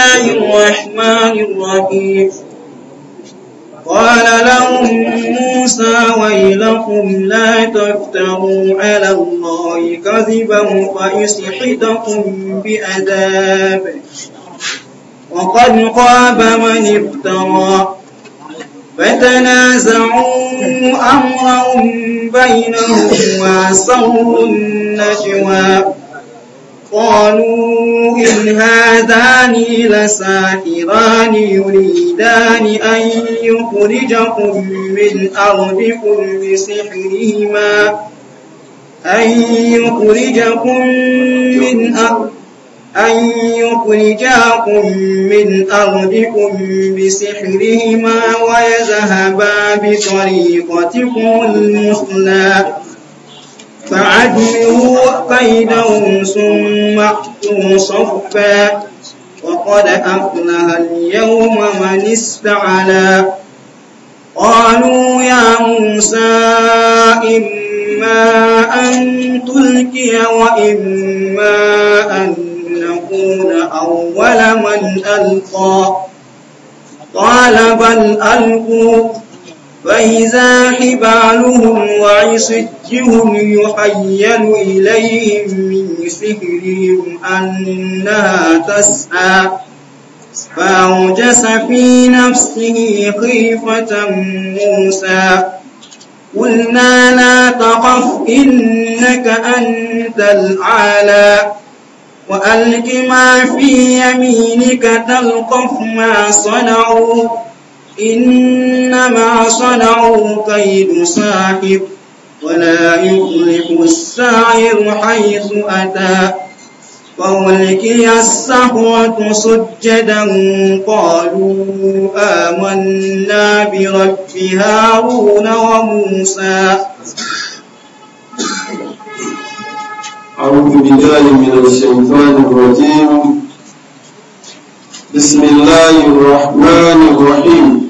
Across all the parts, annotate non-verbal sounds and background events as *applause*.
الله الرحمن الرحيم قال لهم موسى ويلكم لا تفتروا على الله كذبا فيسحتكم بأداب وقد خاب من افترى فتنازعوا أمرهم بينهم وأسروا النجوى قالوا إن هذان لساحران يريدان أن يخرجكم من أرضكم بسحرهما أن يخرجكم من أرض أن يخرجاكم من أرضكم بسحرهما ويذهبا بطريقتكم المثلى فعدلوا بينهم ثم اتوا صفا وقد أفلح اليوم من استعلى قالوا يا موسى إما أن تلقي وإما أن نكون أول من ألقى قال بل ألقوا فإذا حبالهم وعصيهم يحيل إليهم من سحرهم أنها تسعى فأوجس في نفسه خيفة موسى قلنا لا تخف إنك أنت الأعلى وألق ما في يمينك تلقف ما صنعوا إنما صنعوا كيد ساحر ولا يغلق الساحر حيث أتى فألقي السحرة سجدا قالوا آمنا برب هارون وموسى أعوذ بالله من الشيطان الرجيم بسم الله الرحمن الرحيم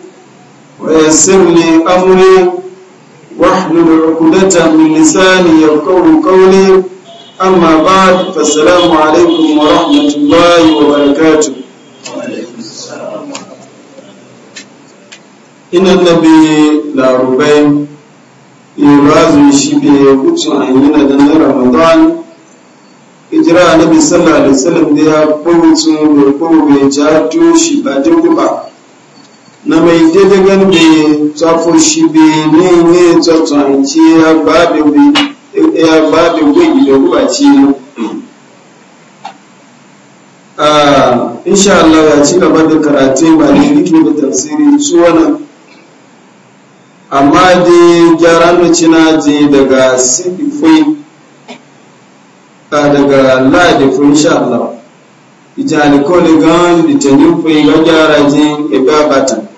ويسر لي أمري واحلل عقدة من لساني يفقه قولي أما بعد فالسلام عليكم ورحمة الله وبركاته إن النبي لا ربين يرازو شبه كتن عينينا دن رمضان إجراء النبي صلى الله عليه وسلم دي أقوة وقوة جاتو شبه دي na mai daidai gani bai tsafo shi bai ne ne tsatson ci ya ba da ya ba da gwai da ruwa ci ne a insha Allah ya ci gaba da karatu ba ne nake da tafsiri su wannan amma dai gyaran da cina je daga sififai daga ladifu insha Allah ita alkolin gan da tanin fai ga gyara je ebe abatan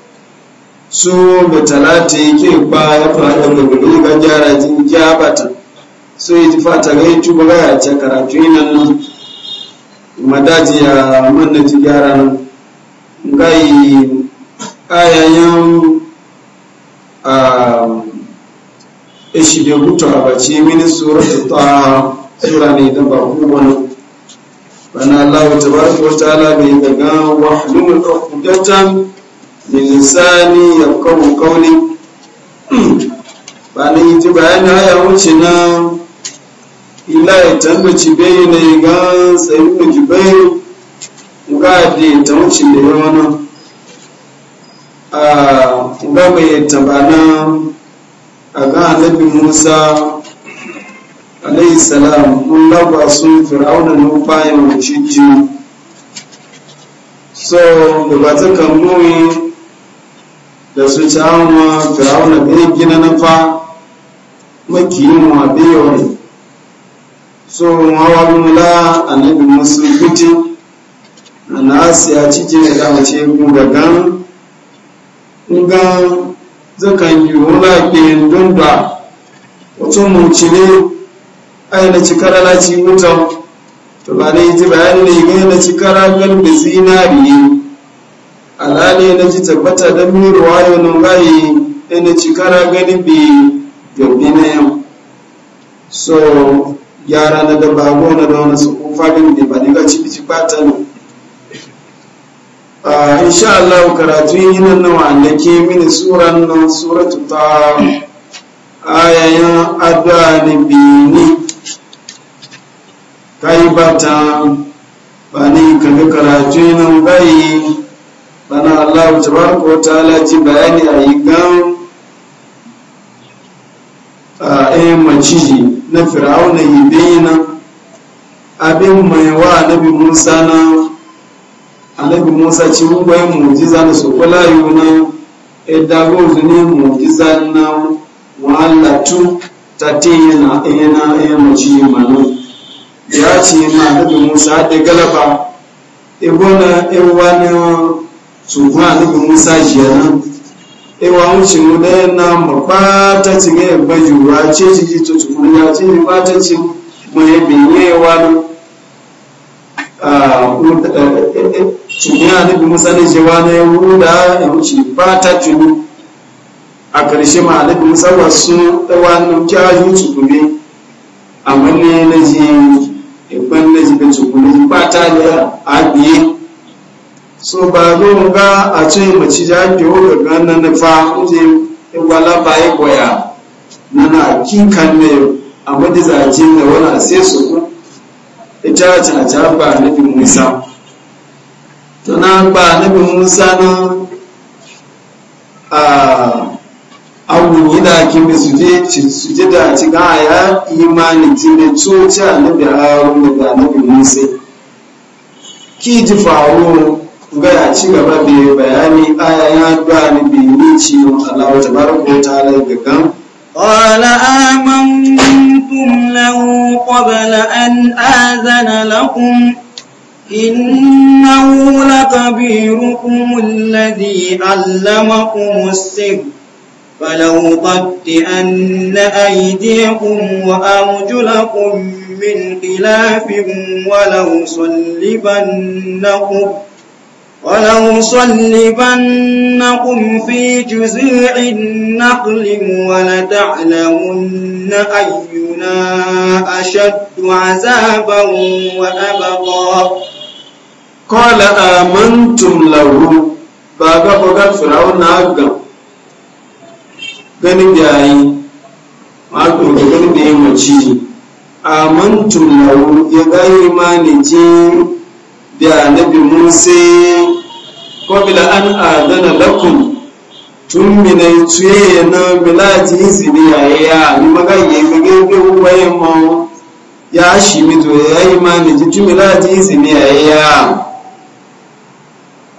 so da talata ke ba ya fara da gudu ga gyara jin jabata so yi fata ga yi tuba ga ya ce karatu yi nan madaji ya manna ji gyara nan ga yi ayayen a ishi da gutu a bace mini suratu ta sura ne da ba kuma nan bana Allah ta baraka wa ta'ala bai daga wahlul uqdatan lisani ya kawo kauli ba na yi ji bayani haya wuce na ila ya tanda ci bayi na yi ga tsayi da ki bayi ga da ya ta wuce da yawa na a ga bai taba na a ga annabi musa alayhi salam kun lagwa sun fir'auna na bayan wuce ji so da ba ta kan nuni da su cawa firawuna bai gina na fa makiyin wa bai so wawa mula annabi musu kuti na a cikin da mace gugagan ga zakan yi wula ke don da mutum mulci ne aina cikara ci wutan to ba ne ji bayani ne ga yana cikara galbi zinariye ne na ji tabbata don mi yau nun gayi ina cikara gani bi gabi na yau so yara na da bago na da wani su fadin da ba daga ci bici bata ne ah, insha Allah karatu yi nan na wanda ke mini suran nan suratu ta ayayen addu'a ne bini kai bata ba ni kaga karatu yi nan gayi bana Allah tabaraka wa ta'ala ji bayani a yi gan a ɗayan eh, maciji na fir'auna yi bayyana abin mai wa nabi musa na annabi musa ci gwai mujiza na sokola yuna edago eh, zuni mujiza na wa'allatu ta tiyana ɗayana eh, ɗayan maciji manu ya ce ma nabi musa da galaba ibona ewa ne ṣùgbọ́n àníbi musa yìí náà ewa ń ṣe mú lẹ́yìn náà mọ̀ pátá ti gé ẹ̀gbẹ́ yorùbá tí èyí ti tutù fún ya tí èyí pátá ti mọ ẹbí ní ẹwà ní ṣùgbọ́n àníbi musa lè ṣe wá ní ewu dá ẹ̀hún ṣe pátá jù ní a ƙarshe ma musa wà sún ẹwà ní kí a yóò tutù bí àmọ́ ní ẹlẹ́yìn ẹ̀gbẹ́ ẹlẹ́yìn bẹ́ẹ̀ tutù ní pátá ní àgbẹ̀yẹ. so ba zo ga a ce mace ja ke wuka ganin na fa kuje e wala ba ya e goya na na kinkan ne a madizaje da wani sai su ku ita e ce a ta ba nabi musa to na ba nabi musa na a abun yi da ake mai suje da ci ga ya imani ci ne coci a nabi harun da nabi musa ki ji faru ci gaba da bayani aya ya wa ta'ala ga قال آمنتم له قبل أن آذن لكم إنه لكبيركم الذي علمكم السر فلو أن أيديكم وأرجلكم من خلاف ولو صلبنكم ولو صلبنكم في جزيع النقل ولتعلمن أينا أشد عذابا وأبقى قال آمنتم له baga baga firawun agam ganin da yayi wato ganin da yayi mace amantum lahu ya ga imani je da annabi musa kwabila an adana lakum tun minai tuye na milaji izini ya yi ya ni maga yi gage bi waye ma ya shi mi ya yi ma ni jitu milaji izini ya yi ya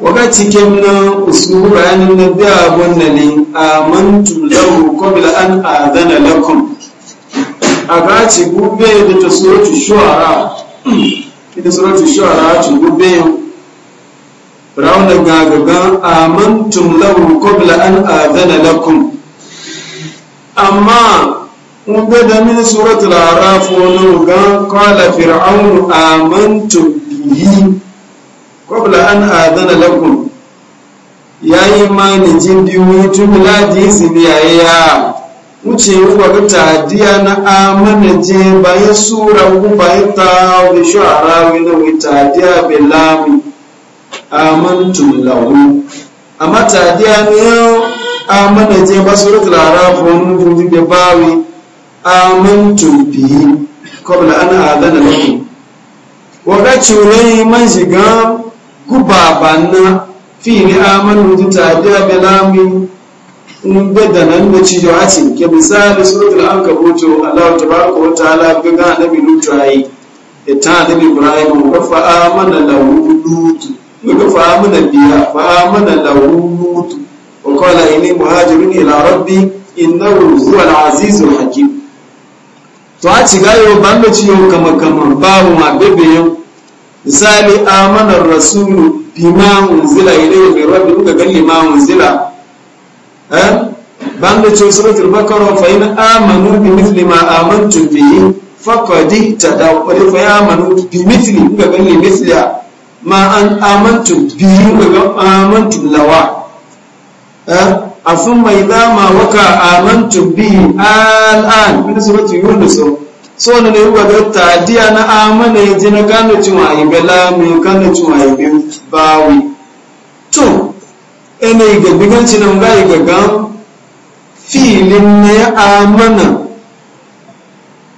wakati kem na usuru anin na bi abun na ne amantu lahu kwabila an adana lakum a gaci gube da ta so ki shuara ita suratul shu'ara ci gubbe yau Fir'aun da gagagan amantum lahu qabla an adana lakum amma mun ga da min suratul araf wani ga qala fir'aun amantum bihi qabla an adana lakum yayi ma ni jin biyu tun miladi ziniya ya wuce ruwa ga na amana je bayan sura ku bayan ta wani shu'ara na wani tadiya bai lami amantum lahu amma tadiya ne amana je ba sura tulara fonu dubi bai bawi amantum bihi qabla an adana lakum waga cure man shiga gubabanna fi ni amanu tadiya bai lami in gada nan da ci jawaci ke misali suratul ankabuto Allah tabaraka ta ta'ala ga ga annabi lutu ayi da ta annabi ibrahim wa fa amana lahu lutu wa fa amana biya fa amana lahu lutu wa qala inni muhajirun ila rabbi innahu huwal azizul hakim to a ci gayo ban da ciyo kama kama babu ma bebe yau misali amana rasulu bima unzila ilayhi min rabbi kuka ga lima unzila ban da ce suratul bakara fa in amanu bi mithli ma amantu bihi faqad tadaw qad fa amanu bi mithli ga ban li mithli ma an amantu bihi ga amantu lawa a thumma idha ma waka amantu bihi al'an min suratul yunus so ne ne ga tadiya na amana yaji na gano cewa ibela mai gano cewa ibe bawi ene ga gudanci nan ga ga ga filin ne amana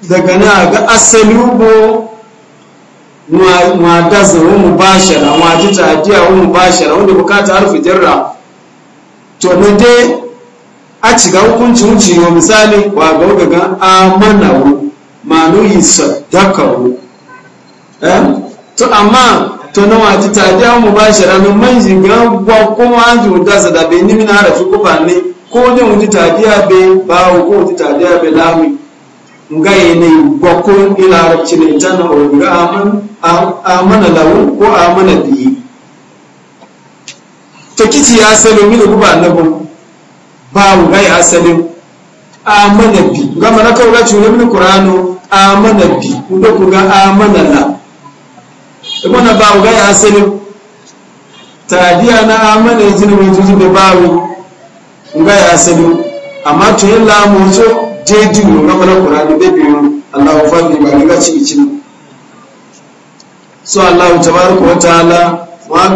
daga na ga asali bo ma da mu bashara ma ji tadiya mu bashara wanda bukata harfi jarra to na dai a ciga hukunci wuce wa misali wa ga amana wu ma nuyi sadaka wu eh? to amma to na wati ta ja mu ba shi ranar man shiga gwa kuma an ji wuta sa da bai nimi na harafi kufa ne ko ne wuti ta abe bai bawo ko wuti ta biya bai lami nga yi ne gwa ko ila harafci ne ta na obiga amana lawu ko amana biyi to kiti ya salo mini kuba na bu bawo ga ya salo amana bi ga mana kawai ga cune mini qur'ano amana bi ko ga amana la wannan babu ga ya sani tadiya na amana jini mai jiji da babu ga ya sani amma to yin lamu so jeji ne ga mana qur'ani da biyu Allahu fadli ba ga ci ci so Allah tabaraka wa ta'ala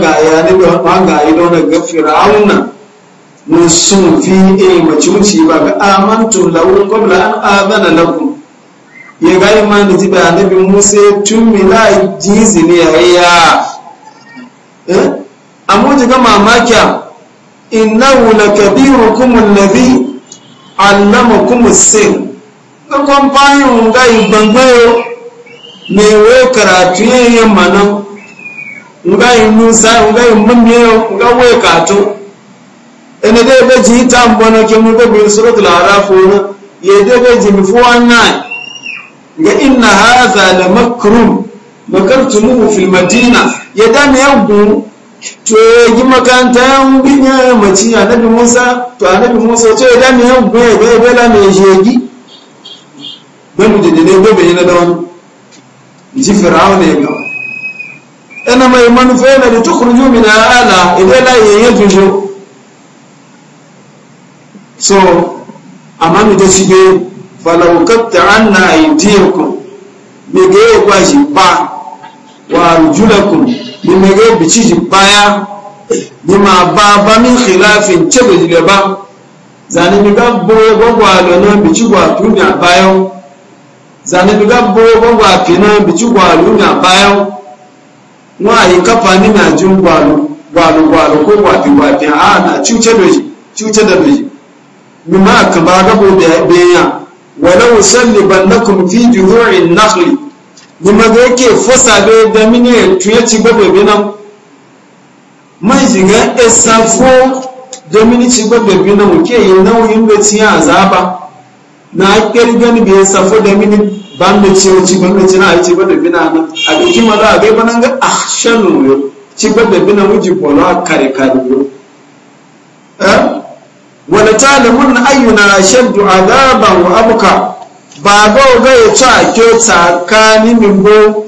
ga ya ne ga ido na ga fir'auna mun sun fi ilma cuci ba ga amantu lahu qabla an adana lakum ya ga imani ti ba annabi musa tun mila jizi ne ya eh amma ji ga mamaki innahu lakabirukum alladhi allamakum as-sir kan kan bayin ga ibangbayo me we karatu yayin manan nga inusa nga imumyo nga we kato ene de be ji tambo ke mu be bi suratul araf na ye de be ji mi fuwa nai ga inna haza la makrum makartumuhu fil madina ya dana yagu to yi makaranta yan binya mace annabi musa to annabi musa to ya dana yagu ya ga bela mai shegi ban da dade gobe yana da wani ji fir'auna ya ga ana mai manufa yana da tukhruju min ala idan la yajuju so amma mu ta cige falaukatta an na aidiyarku mege ba shi ba wa arjulakum ni mege bici shi baya ni ma ba ba min khilafin ce da jiga ba Zani mi ga bo gwagwa lona bici gwa tunya bayan zane mi ga bo gwagwa kina bici gwa lunya bayan wa yi kafa ni na jin gwalo gwalo gwalo ko gwafi gwafi a na cuce da shi cuce da shi Ni ma ka ba gabo da ya walau sallibannakum fi juru'in nakhli nima ga yake fasa be da mini tuye ci gobe be nan mai jiga esafo da ci gobe be ke yi nauyin da ci azaba na kirgan be esafo da mini ban da ci ci ban da ci na ci gobe be nan a duki maza a ga banan ci gobe be nan wuji kola kare kare wala talamun ayyuna shaddu a wa abuka ba ga ga ya ci ake tsakani mimbo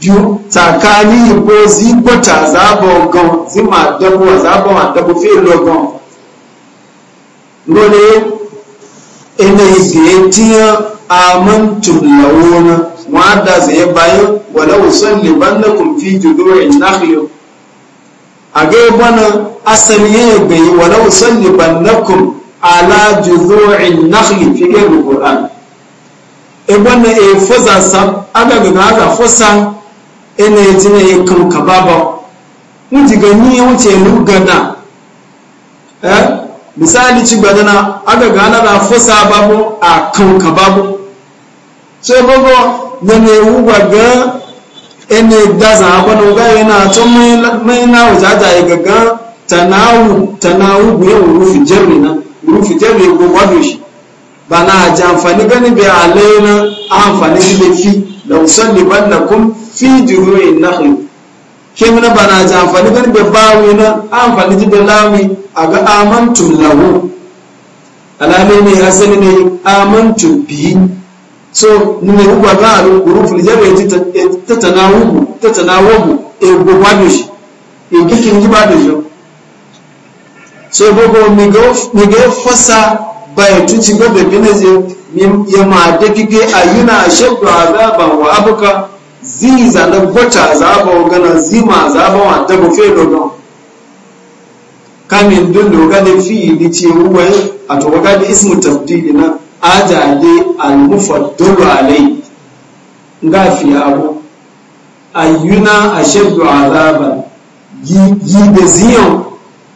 biyu tsakani yimbo zigbata zaba gan zima dabu zaba wa dabu fi logon lole ina ibiye tiya amantum lawona wada zai bayan wala usalli bannakum fi judurin nakhlu a ga bana asali ya bai walau salli bannakum ala juzu'in nakhli fi ghayri qur'an e bana e fosa sa aga ga aga fosa ene jina e kan kababa unji ga ni wuce lugana eh misali ci badana aga ga na da fosa babu a kan kababu so bago ne ne wuga ga ene daza abana ga yana to mai na wajaja ya tana tanawu tanawu bu yau rufi jarri na rufi jarri ko wado shi ba na ji amfani gani bai alaina amfani da fi da usalli bannakum fi juru'in nahl ke mana ba na ji amfani gani bai bawi na amfani da lawi a ga amantum lahu alalai ne asali ne amantum bihi so nimekupa gharu hurufu lijabe tatanawubu tatanawubu egbobadoshi egikingibadojo so gbogbo mige fasa bayatuci gobe binaze ya made kike ayuna ashaddu azaban wa abuka ziza na gwata azaba gana zima azaba wa dabo fe dogon kamin dun doga da ni na ajale almufaddulu alai gafi abu ayyuna ashaddu azaban yi da ziyan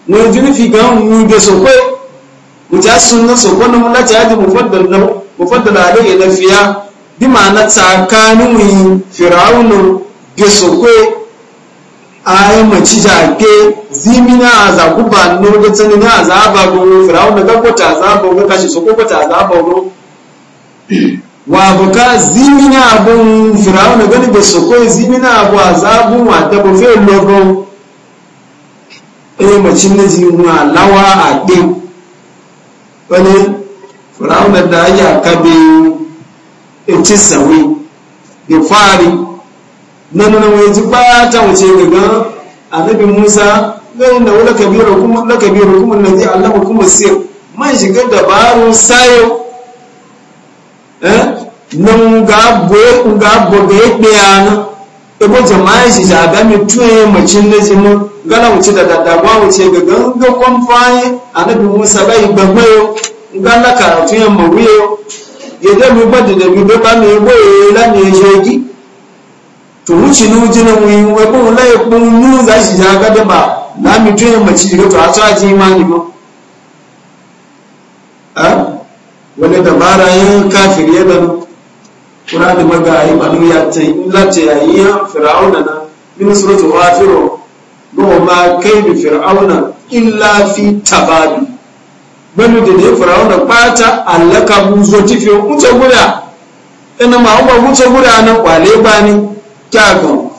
wani fi ga mu da sokwe mu ta sunna sokon mu lati hadi mufaddal na mufaddal alai na fiya bi ma'ana tsakanin mu fir'aunu da a ayi mace jage zimina azaku ba no da tsani na azaba go firawun da ko ta azaba kashi so ko ta azaba go wa buka zimina abun firawun da ni zimina abu azabu wa ta bo fe logo e macin ne ji mu alawa a de wani firawun da ya kabe e ci sawi bi fari nan nan ba ta wuce gaga annabi musa zai na wula kabiru kuma na kabiru kuma na zai allama kuma sir man shiga dabarun sayo eh, na nga boye nga boga ya ɗaya na ebo jama'a shi ja ga mi tuye macin na jinin gana wuce da daddagwa wuce ga ganga kwamfani annabi musa bai gagbayo gana karatu yamma wuyo ya dami bada da bi doka mai boye lami ya shegi to wuce na wuce na wuyi wai ba wula ya kuma nuna za shi ja gada ba na mutu ya mace shiga to a sa ji imani ba a wani dabara yin kafin ya gano kuna da maga a yi malu ya ta yi lati ya yi yan fir'auna na min suratu ghafiro no ma kai da fir'auna illa fi tababi bani da ne fir'auna kwata allaka mu zo tifiyo wuce guda ina ma'amma wuce guda nan kwale ba ni تاكم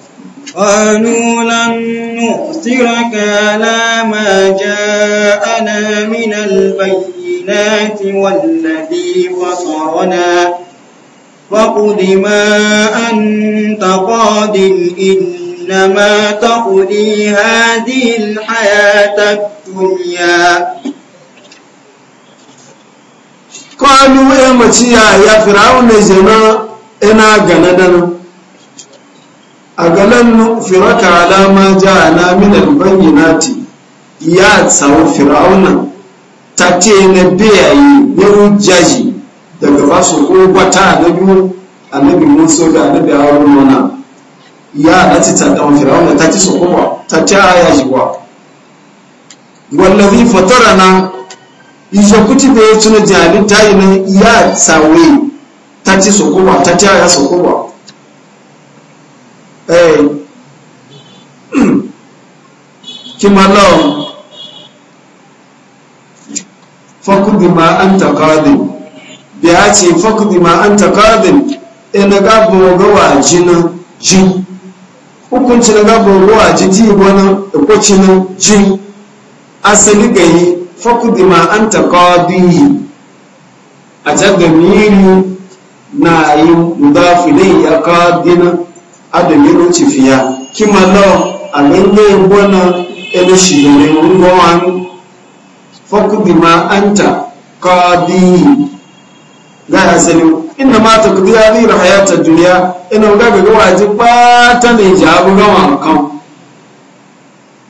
قالوا لن نؤثرك على ما جاءنا من البينات والذي فطرنا فقد ما أنت قاد إنما تقضي هذه الحياة الدنيا قالوا يا متيا يا فرعون زمان إنا جندنا a galan firaka alama ja na minan bayyanati ya tsawo fir'auna ta ce na biyayi ya hujjaji daga ba su kogwata annabi annabi musa da annabi harun mana ya dace ta dan fir'auna ta ci su kuma ta ci aya jiwa wallazi na izo kuti da ya tuna jali ta yi ya tsawe ta ci su kuma ta a ya su kuma ee *clears throat* kimalon fakudi ma an takadin biya ce fakudi ma an takadin ina gabo gawa ji. jin hukunci na gabo gawa jiji wani ikwaci na jin asali gayi fakudi ma an takadin yi a jagamiri na yi mudafi ne ya kadina adamiru ti fìyà kí máa lọ àmì ilé ẹgbọ́ náà ẹnu ṣìlẹ̀ orúkọ wa ń fọ́kùdì máa ń tà kọ́ bí láyà sẹ́ni inda ma ta kudi ya zira ta duniya ina ga ga gawa ji bata ne ji abu gawa kan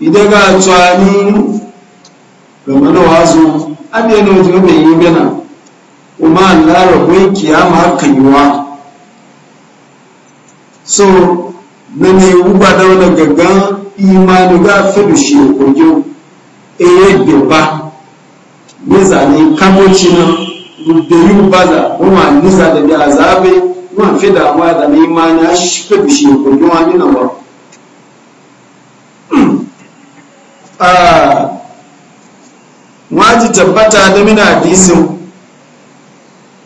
idan ga tsani ga mana wazo an ne no ji mai yi bena umma la rabbin kiyama kan yiwa so na ne wuba da wani gaggan imani ga fidu shi ya kogi eye gaba ne zane kamoci na rubdari ba za kuma nisa da da azabe kuma fi da amma da na imani a shi fidu shi ya kogi wani na ba waji *clears throat* ah, tabbata da mina hadisin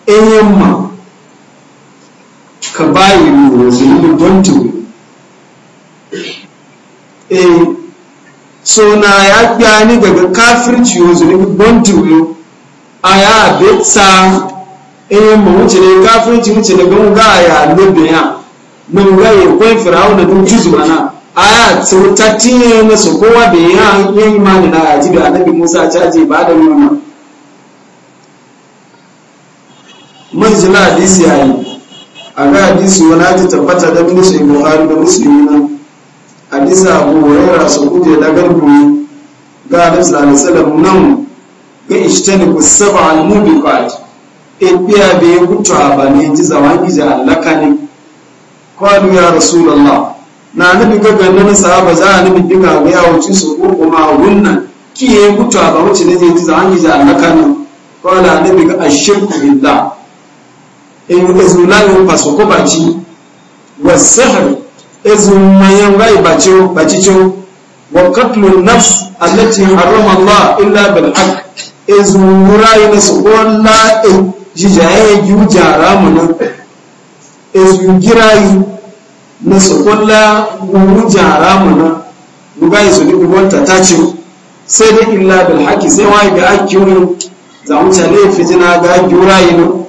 in yamma ka bayi mu zulumu don tu eh so na ya gani daga kafirci yo zulumu don tu a ya betsa eh mu wuce ne kafirci wuce daga mu ga ya lobe ya mun ga ya kwai fir'auna don juzu mana aya tsautatti na su kowa da ya yi imani na ji da annabi musa caji ba da nuna manzila hadisi yi. a ga hadisi wani haji tabbata da mini shi buhari da musulmi na hadisi abu huraira su kuje da garbu ga hadisi da alisalam nan ga ishtani ku saba almubi kwaj e, ibiya bai kutu a bane ji zaman gije allaka ne kwanu ya rasulallah na nabi gaga nan sahaba za a nabi diga ga yawancin su ko kuma wannan kiye kutu a ba wuce ne ji zaman gije allaka ne kwanu nabi ga ashirku billah ezulayo paso ko baci wasahr ezumayan rai baci baci cin wa qatlu nafs allati harrama Allah illa bil haqq ezumurai na su walla jijaye jujara mun ezugirai na su walla jujara mun bugai su ni ubanta tace sai dai illa bil haqq sai wai ga akiyu za mu tale fitina ga jurayi no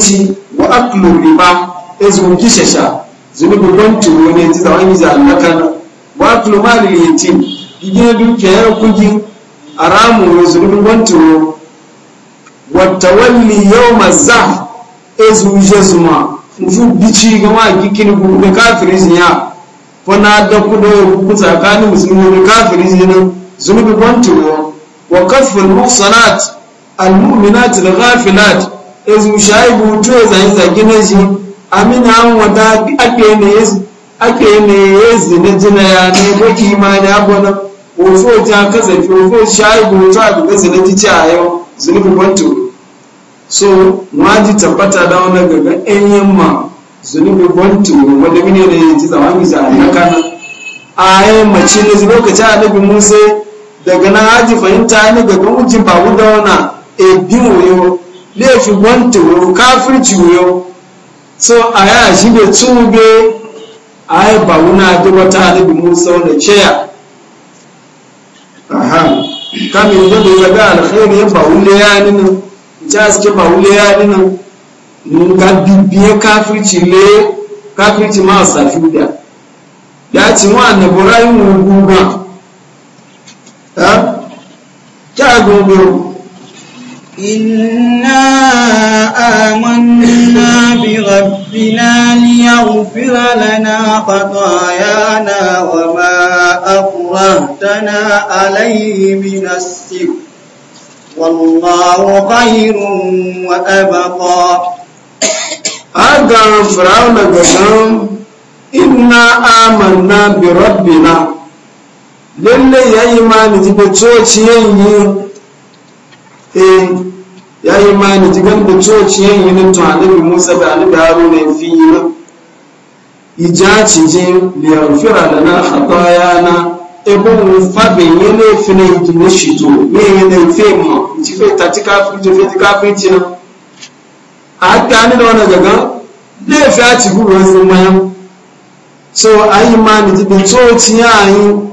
ci wa aklu riba ezun kishasha zunubu bantu ne ti zawon yi za allaka wa aklu mali yatim duke dukiyar kugin aramu zunubu bantu wa tawalli yawma zaf ezu jezuma nfu bici ga ma gikin gurbe kafirin ya fana da kudo ku tsakanin musulmi da kafirin ne zunubi bantu wa kafin muhsanat al-mu'minat al-ghafilat ezu shaibu to zai zagi na shi amina an wata ake ne ake ne yezi ne jina ya ne ko kimani abona ofo ta kazafi ofo shaibu to a duka zina kici a ayo zunubi bantu so waji tabbata da wannan gaga ɗan ma zunubi bantu wanda mine ne ya ci zaman za a makana a yi mace ne lokaci a nabi musa daga na haji fahimta ne gaga jin babu da wana e biyu yau laifi wanta wuri kafirci wuyo so a yaya shi bai tsube a yi ba wuna da wata alibi musa wanda ceya aha kamin da bai zaga alkhairi ba wule ya nina ja suke ba wule ya nina mun ga bibiye kafirci le kafirci ma safi da ya ci wa na burayi mu guba ta ta gobe إنا آمنا بربنا ليغفر لنا خطايانا وما أكرهتنا عليه من السر والله خير وأبقى هذا فرعون قسم إنا آمنا بربنا للي يا إيمان تبتوتي ينيه imani ti gan bucoci yin yinin to bi musa da annabi haruna ya fi yi ijaci je liyarfira da na hataya na ebon fabe yin laifi na hikimi shi to ne yin laifi ma ci fe ta ci kafin ci fe ci kafin ci na a hatta ni da wani gaga laifi a ci gugu wani mayan so a yi imani ti bucoci yayin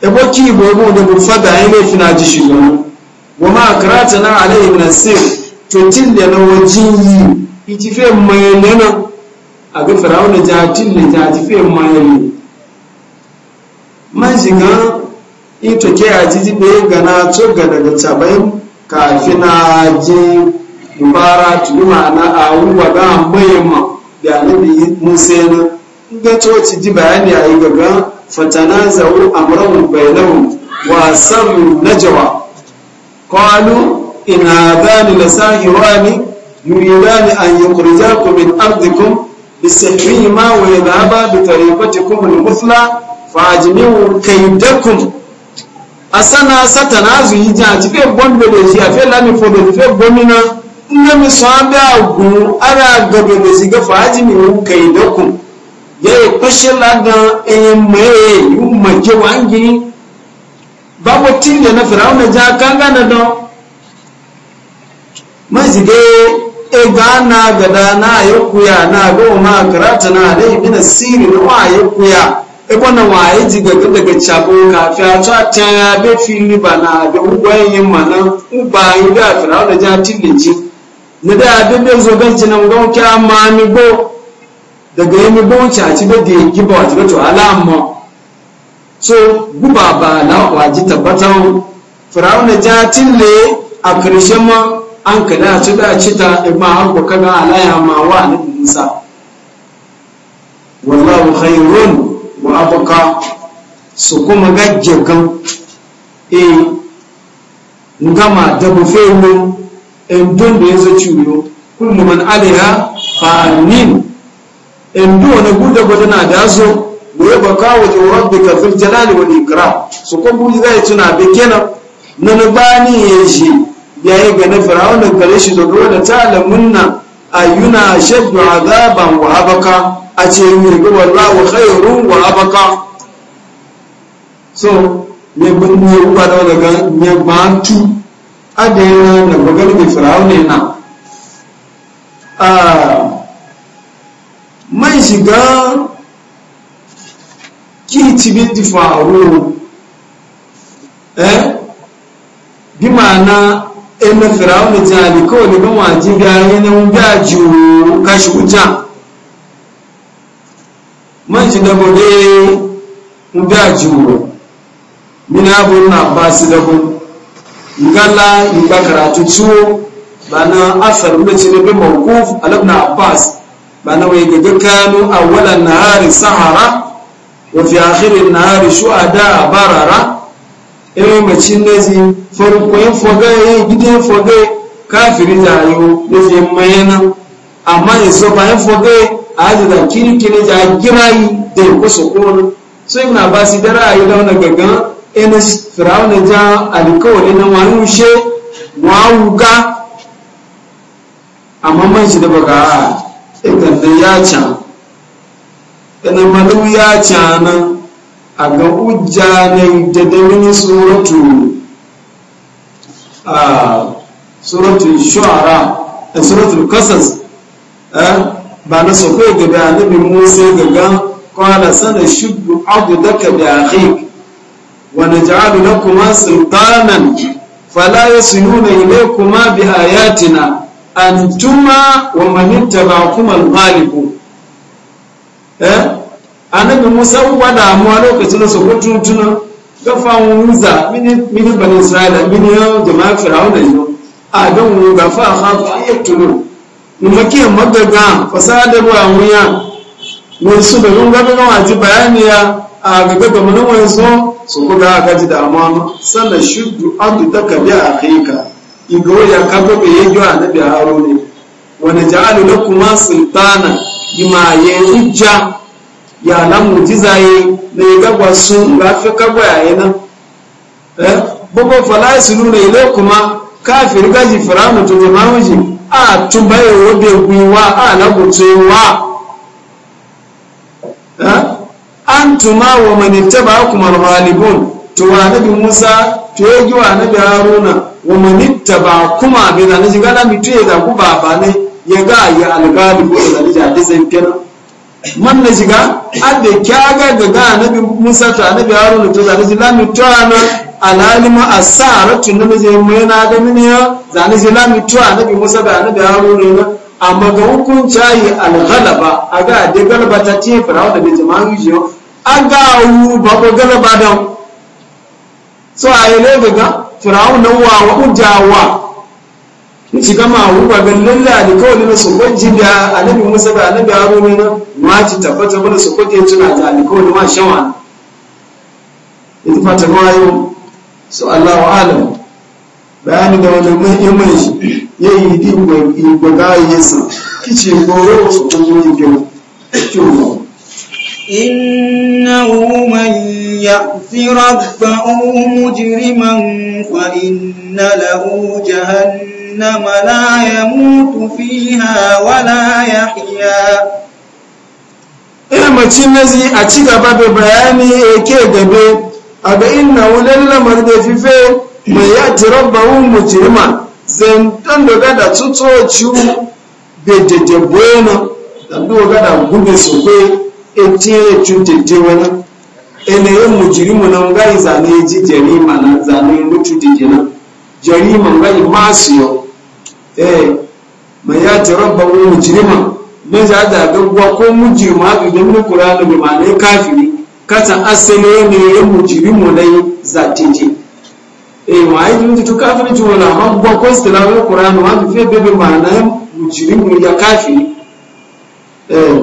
ebo ki ibo ebon da bufaga yin laifi na ji shi gano wa ma karata na alayhi min asir to tin da na wajin yi iti fe mai nana a ga firawun da jatin da jati fe mai ne man shiga ito ke a jiji da gana to ga daga tabayin kafin na ji dubara tuluma na a wuwa ga mayan ma da alibi musa ga coci ji bayani a yi gaga fatana zau amurahun bayanahun wasan najawa قالوا إن هذان لساهران يريدان أن يخرجاكم من أرضكم بسحرهما ويذهبا بطريقتكم المثلى فأجمعوا كيدكم asana satana azu yi jan ati fe bon bebe ji afe lami fo bebe fe bomina nne mi so abe agun ara ga bebe ji ga faji mi wu kai dokun ye kwashe ladan e me yu maje wangi babu da na firawuna ja kanga na don mazige e gana gada na ya na goma karata na alai na siri na wa ya kuya e kwana wa ya ji gaga daga chabo kafi a ta ta ya be fili ba na da ugwayen yin mana uba yi da firawuna ja da ji na da abin da zo ganci na gwamnati amma ni go daga yi mi bon a ci da da ya giba a ci da to alamma so guba ba na waji tabbatar firawuna ja tille a karshen ma an kada ci da cita ta imma har ku kaga alaya ma wa ni musa wallahu khairun wa abqa su kuma gajje kan e gama da bufelu en don da yazo ciwo kullu man alaiha fanin en do na guda guda na da so yabaka wa rabbika fil jalali wal ikram so ko buri zai tuna be kenan nan bani yaji yayi ga na fir'aun da shi da ruwa da ta'ala munna ayuna shaddu azaban wa abaka a ce mai ga wallahu khairun wa abaka so me bun ne ba da daga man shiga kí ti bí ti faru ẹ́ bí máa na ẹnu fìràwọ̀ ti àdìkọ́ ní bí wọ́n àti bí ayé ní wọ́n bí àjò káṣíkújà mọ́jì dẹ́gbọ́dé wọ́n bí àjò nínú ààbò náà bá sí dẹ́gbọ́ ngala ngba karatu ciwo ba na asar mace ne bi mawkuf alabna abbas bana wai gaga kanu awwalan nahari sahara wafi akhirin nahari shu'ada barara irin macin nazi farkon fogaye gidan fogaye kafiri jayo nazi mayana amma yanzu bayan fogaye a aji da kirkiri ja girayi da ya kusa kuma so ibn abbas da ra'ayi da wannan gangan ina firawun ja alkawari na wani ushe wawuga amma mai shi da baka a ah, ya can ina malu ya cana a ga ujjanin ne da damini suratu a ah, suratu shu'ara a eh, suratu kasas eh, ba na so ga annabi Musa ga ga kwana sana daga da bi wani wa na kuma sultanan fala ile kuma bi ayatina antuma wa man kuma al-ghalibun Eh? annabi musa uwa damuwa lokacin da soko tuntuna ga fawon wuza mini bani isra'ila mini yawon jama'a firawuna yau a don wuga fa a hafa a yi tuno mumaki magaga fasadar wa wuya mai su da yun gabi gawa ji bayaniya a gaga ga mana wani so su kuga a gaji da amma sannan shudu an bi ta kabi a haika igoya ka gobe ya yi wa annabi haro ne wani ja'alu kuma sultana yima ye hujja ya la mujiza ye na ye gagwa sun ga fi kagwa ya yi nan eh bugo fala isulu ne ile kuma kafin gaji firamu to jama'u ji a tun baye wobe gwiwa a la gutsewa eh antuma wa man ittaba'akum al-ghalibun to wa bi musa to ye wa bi haruna wa man kuma abin da ji gana mitu ya ga ku baba ne ya ga ya ko da zalija da zan kenan man na shiga da kyaga ga ga annabi musa ta annabi harun zane zalija lami tana alalima asaratu na da zai mai na da mini ya zalija lami to annabi musa da annabi harun ne amma ga hukunci ayi alghalaba aga da galaba ta ce farawa da jama'u A ga wu ba ko galaba da so ayi ne ga firawun nan wa wa ujawa mu ci gama wuka ga lalla da kawai na su kwanci da annabi musa da annabi haruna na ma ci tabbata bana su kwaje tuna ta ni kawai ma shawa ita fata ma yau so allahu alam bayani da wani muhimmin ya yi di gwaga yasa kici goro su kuma yi kyau kyau إنه من يأت ربه مجرما فإن له جهنم جهنم لا يموت فيها ولا يحيا ilmacin nazi a ci gaba da bayani ke gabe a ga ina wulan lamar da fife mai ya ci rabbawun mujirma zantan da gada tutoci bejjeje boyana da duwa gada gube su kwe eti ya cuteje wani eneyin mujirimu nan gai zane ji jarima na zane mutu jikina jarima gai masu yau eh man ya ci rabbahu mujriman ne ja da gagwa ko mujrima idan ne qur'ani bi ma'anai kafiri kata asali ne ya mujrimu dai zatiti eh wa ai dun to kafiri ji wala ma gwa ko istilahu qur'ani wa bi fe be ma'anai mujrimu ya kafiri eh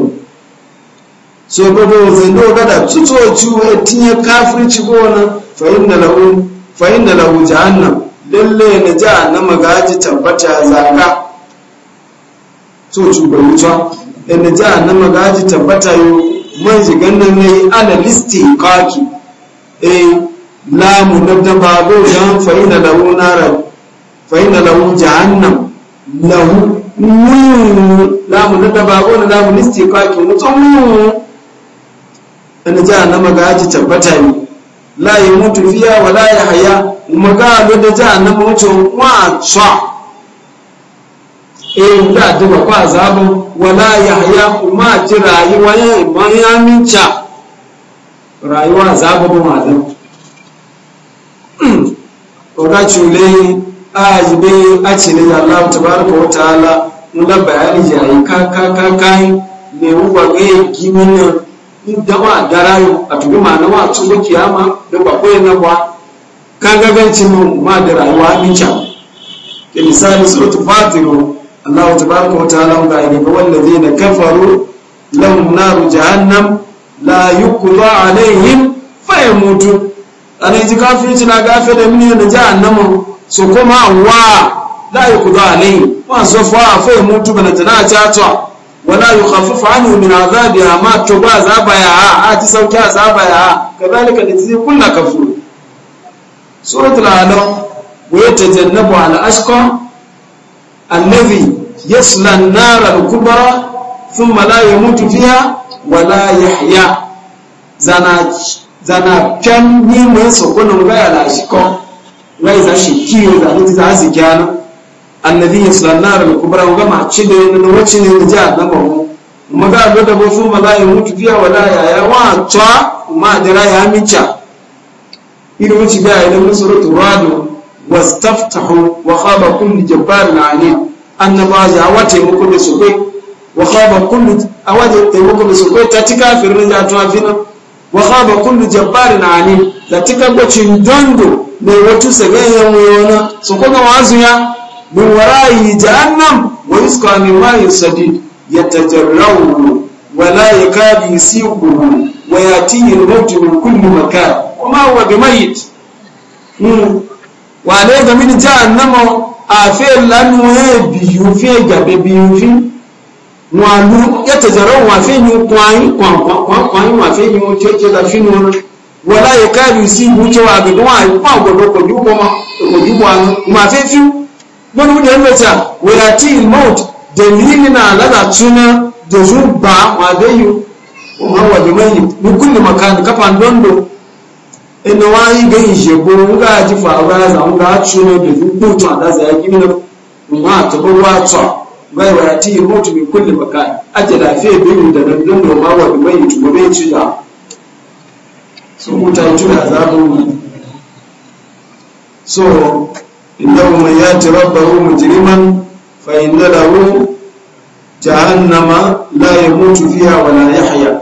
so gbogbo zendo gada tutu oju etinye kafirci bona fa inna lahu fa inna lahu jahannam lalle na ja na magaji tabbata zaka so ci gwani da na ja na magaji tabbata yau man shigan nan ne ala listi kaki eh lamu na daba go da fa'ina lahu nara fa'ina lahu jahannam lahu mm, lamu na daba go na lamu listi kaki mutum mm. na ja na magaji tabbata yau la yi mutu fiya wa la ya haya e, ga lo da ta na mutu wa tsa e da duba kwa azabu, wa la ya haya kuma ji rayuwa ya ma ya minca rayuwa zabu ba ma dan *clears throat* oga chule ajibe acile ya Allah tabaraka wa ta'ala mun da bayani yayi ka ka ka kai ne uwa ga giminin dawa darayo a tubi ma'ana wa tuba kiyama da ba koyi na ba kagaganci mu ma da rayuwa aminca ke misali suratu fatiru Allah tabaraka wa ta'ala ga ga wallazi na kafaru lahum naru jahannam la yuqda alaihim fa yamutu ana ji kafirci na gafe da mini da jahannam su kuma wa la yuqda alaihim wa sofa fa yamutu bana tana ta wala yukhaffafu anhu min azabiha ma to ba azaba ya a ti sauki azaba ya da litzi kullu kafur suratul alam wa jannabu ala ashqa alladhi yasla an nara al-kubra thumma la yamutu fiha wa la yahya zana zana kan yi mun sokon ga ya la wai za shi kiyo za ni za su annabi sallallahu alaihi kubra ga ma ci da yin wacce ne ji annaba mu maga ga da bo su mala ya mutu fiya wala ya ya wa ta ma dira ya mica irin wacce ga ya da suratu radu wastaftahu wa khaba kullu jabbarin anid annaba ya wata muku da su kai wa khaba kullu awaje muku da su kai ta tika firin da to afina wa khaba kullu jabbarin anid da tika gocin dondo ne wata sagayen wayona su kuma wazuya min wara'ihi jahannam wa yusqa min ma'in sadid yatajarrahu wa la yakadu yusiquhu wa yatihi al-mautu min kulli makan wa ma huwa bimayit wa ne ga min jahannama afe lanu e biyu fi gabe biyu fi wọn lu yatajarrahu wa fi kwan kwan kwan wa fi yin ojoje da fi nuna wa la yakadu yusiquhu wa ga wa ipa godo kojú ko ma kojú ko ma fe fiu wani wani yadda ta wadatun imout dalilin na lalacina da zuwa ba wadayu wawa wa mai nukun da makarantu kafan dondo inda wani gani shekuru wuka ya ji faruwa ya zama ga cuna da zuwa kotu a daza ya gina ma ta barwa ta mai wadatun imout mai kun da makarantu ake lafiya biyu da nan dondo ma wadda mai tuba mai cuna sun mutane tuna zaɓin wani so إنه من يأتي ربه مجرما فإن له جهنم لا يموت فيها ولا يحيا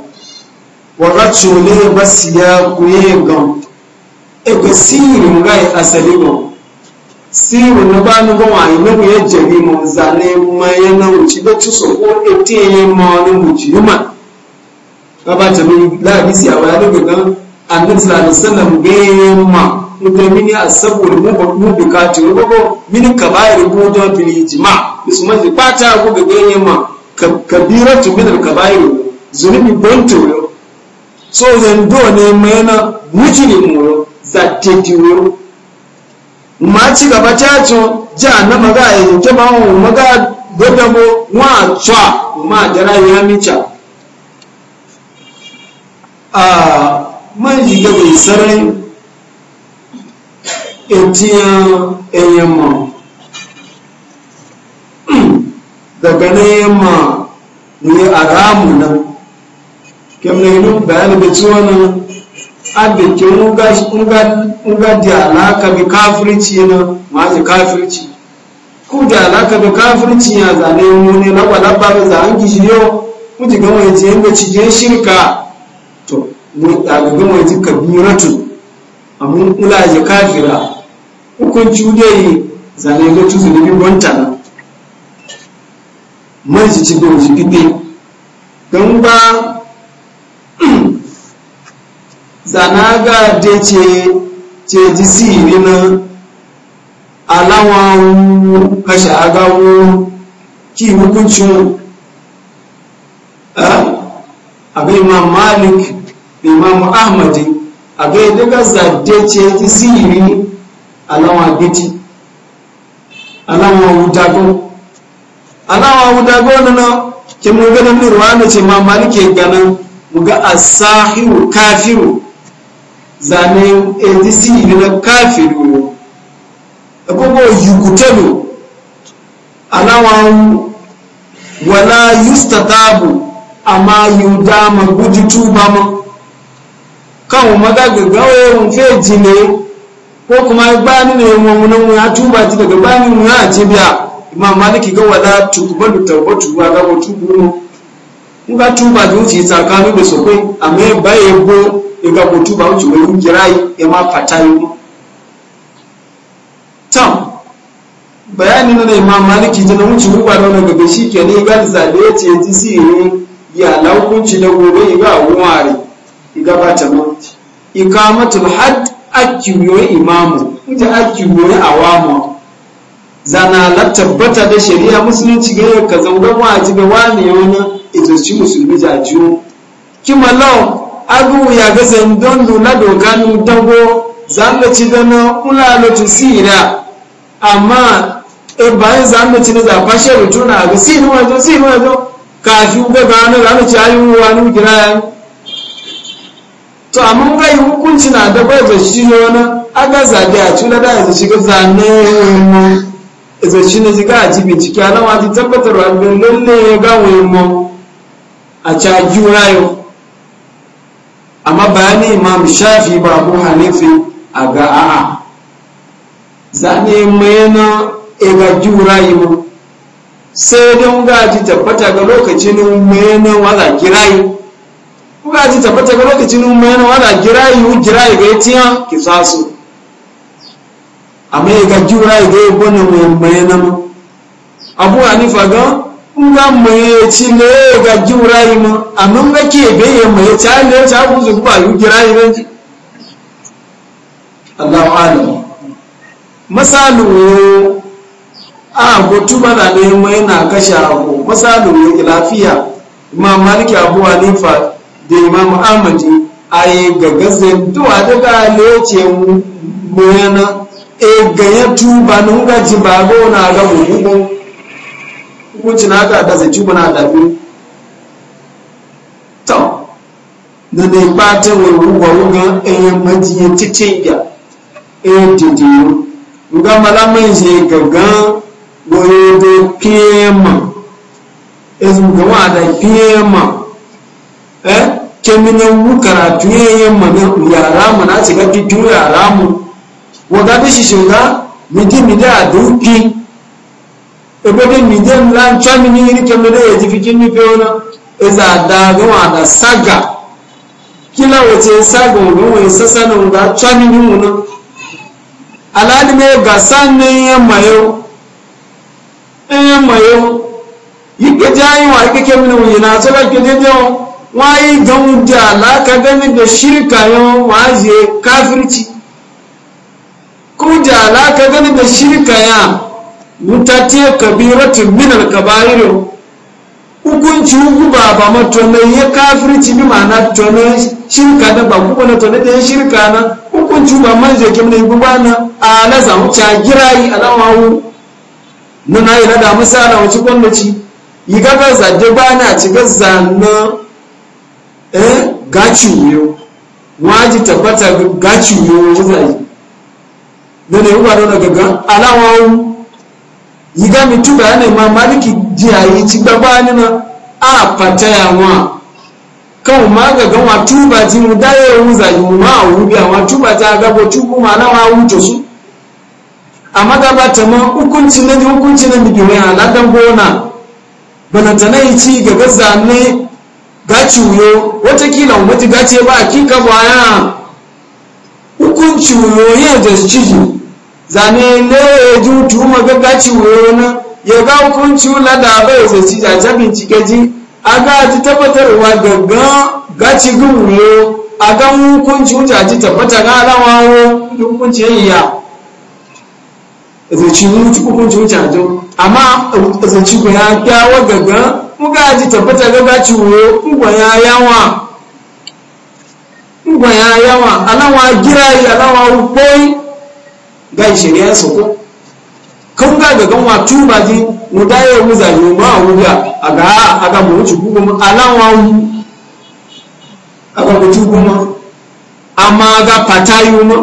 وقد شولي بس يا كويغم eko siri ngai asali mo siri na ba ni goma ai na ya jari mo zane ma ya na uci da ci so ko ete ya ma ni uci ma ba ta mi la bisi a wa ya ga annabi sallallahu alaihi wasallam ga ma nta mini mu mubikati rugo mini kabairi budo bil ijma su ji pata ko ga ganyen ma kabiratu min al kabairi zunubi bonto yo so zan do ne mena za yo zateti yo ma ci gaba ta jo ja na maga e to ba mu maga godamo wa tswa ma jara ya micha a ah, man yi gaba sarai etiyan enyamma daga na yamma ne a ramu nan kemna yin bayanin da ci wani abikin unga da alaka da kafirci na masu kafirci ku da alaka kafiri da a, ya zane mu ne laba-laba da za an gishi yau kuji gama yace yadda cikin shirka to mu a ɗaga gama yace kabiratu amma ulaje kafira hukunci dai zane ga tuzu da bi bonta na marji ci goji bibi don ba *clears throat* zana ga da ce ce ji siri na alawan kashe agawo ki hukuncin eh? abin ma malik imam ahmadi abin daga zade ce ji siri aláwọn agbétí aláwọn awudago aláwọn awudago nínú kí mo gẹ́nà ní rwanda ce ma malike gana mu ga asahiru kafiru zane adc na kafiru agogo yugutelu aláwọn wala yustatabu amma yudama gujitu ba ma kan magagaga yawon fe jine ko kuma bani ne mu mun ya tuba ji daga bani mu ya ce biya imam maliki ga wala tuqbalu tawbatu tuba ga tubu mu mun ga tuba ji ci tsakanu da sokoi amma ba ya bo ga ko tuba mu ci wani kirai ya ma fatayi mu tam bayani ne imam maliki da mun ci ruwa da wannan gaba shi ke ne ga zabe ya ce ji si ne ya laukunci da gobe ga wumare ga ba ta mu ikamatul hadd akiyoyi imamu inda akiyoyi awamu zana la tabbata da shari'a musulunci ga yau ka zauna mu a ji ga wani yau itoci musulmi jiyo ki lau adu ya ga zandon lula doganu dago zanga ci na kula lotu sira amma e bayan zanga ci da zafa shi rutuna ga sinu wajo sinu wajo kafin ga gano zanda ci ayyuwa nu kira to amma gai hukunci na da bai da shi na aga zabe a tuna da yanzu shiga zane mu shi ne shiga a ci bincike ana ma ji tabbatar wa ga lalle ya ga mu a caji rayo amma bayani imam shafi ba ko hanifi a ga a'a zane mai na ega yi mu. sai don ga ji tabbata ga lokacin mai na wala kirayi kuka ji tabbata ga lokacin umma yana wada girayi wu girayi ga tiya ki su. amma ga girayi ga bonan mu mai nan abu hanifa ga mai ci ne ga girayi mu amma ga ke be ya mai ta le ta ku zu ba yu girayi ne ji Allahu alam masalu a gotu bana ne mai na kashe ko masalu lafiya imam maliki abu hanifa da imamu amadi ayi gaga zenduwa daga lece mu yana e ganya tuba na hunka jibago na ga hukun hukunci na aka da zai tuba na dafi ta to na ne bata wa ruwa ruga e cikin ya tice ya e didiyo nga malaman je gaga goyo da piyema ezu gawa da piyema eh keminan mu karatu yayin mana yara mu na shiga fitu yara mu waga da shi shiga midi midi a duki ebede midi la ncha mi ni ya kemle de ji fikin ni pe ona eza da go ada saga kila wace saga go wani sasa na ga cha mi ni mu na aladi me ga san ne yamayo e yamayo yike jayi wa yike kemle wo na so ga kejeje o wọ́n yí gan di àlàkà gẹ́ni bẹ ṣírìkà yẹn wọ́n á yẹ káfíríkì kó di àlàkà gẹ́ni bẹ ṣírìkà yẹn mutati kabiratun minal kabairo hukunci huku ba ba matone ya kafirci bi ma'ana tone shirka da ba kuma na tone da shirka na hukunci ba man je kimne bi ba na ala za mu ta girai alawahu nuna ina da misala wuci gwamnati yi gaba za de ba na ci gazza na eh gaci wuyo waji tabbata gaci wuyo wajen zai da ne yi wadda daga alawawo yi ga mitu ba ne ma maliki jiyayi ci gaba ni na a fataya wa kan ma ga gan wa tuba ji mu da ya yi zai mu ma biya wa tuba ta gabo tubu ma na wa wuce su amma da ta ma hukunci na hukunci na bidiyoyi a ladan bona bana ta na yi ci gaba zane gaci wuyo watakila mutu gaci ba kika kinka baya hukunci wuyo yin da ciki zane ne ya ji tuhuma ga gaci wuyo na ya ga hukunci wula da bai zaci ci jaja bincike ji a ga ji tabbatarwa gaggan gaci ga wuyo a ga hukunci wuta ji tabbata ga alawawo hukunci yayi ya zai ci hukunci wuta jo amma zai ci ku ya kyawa gaggan muga ji tabbata ga gaci wuyo ngwa ya yawa ngwa ya yawa alawa girayi alawa ukoi ga shari'a su ko kan ga ga ganwa tuba ji mu daye mu zaje mu a wuya aga aga mu ci gugu mu alawa wu aga mu ci gugu mu amma ga patayu mu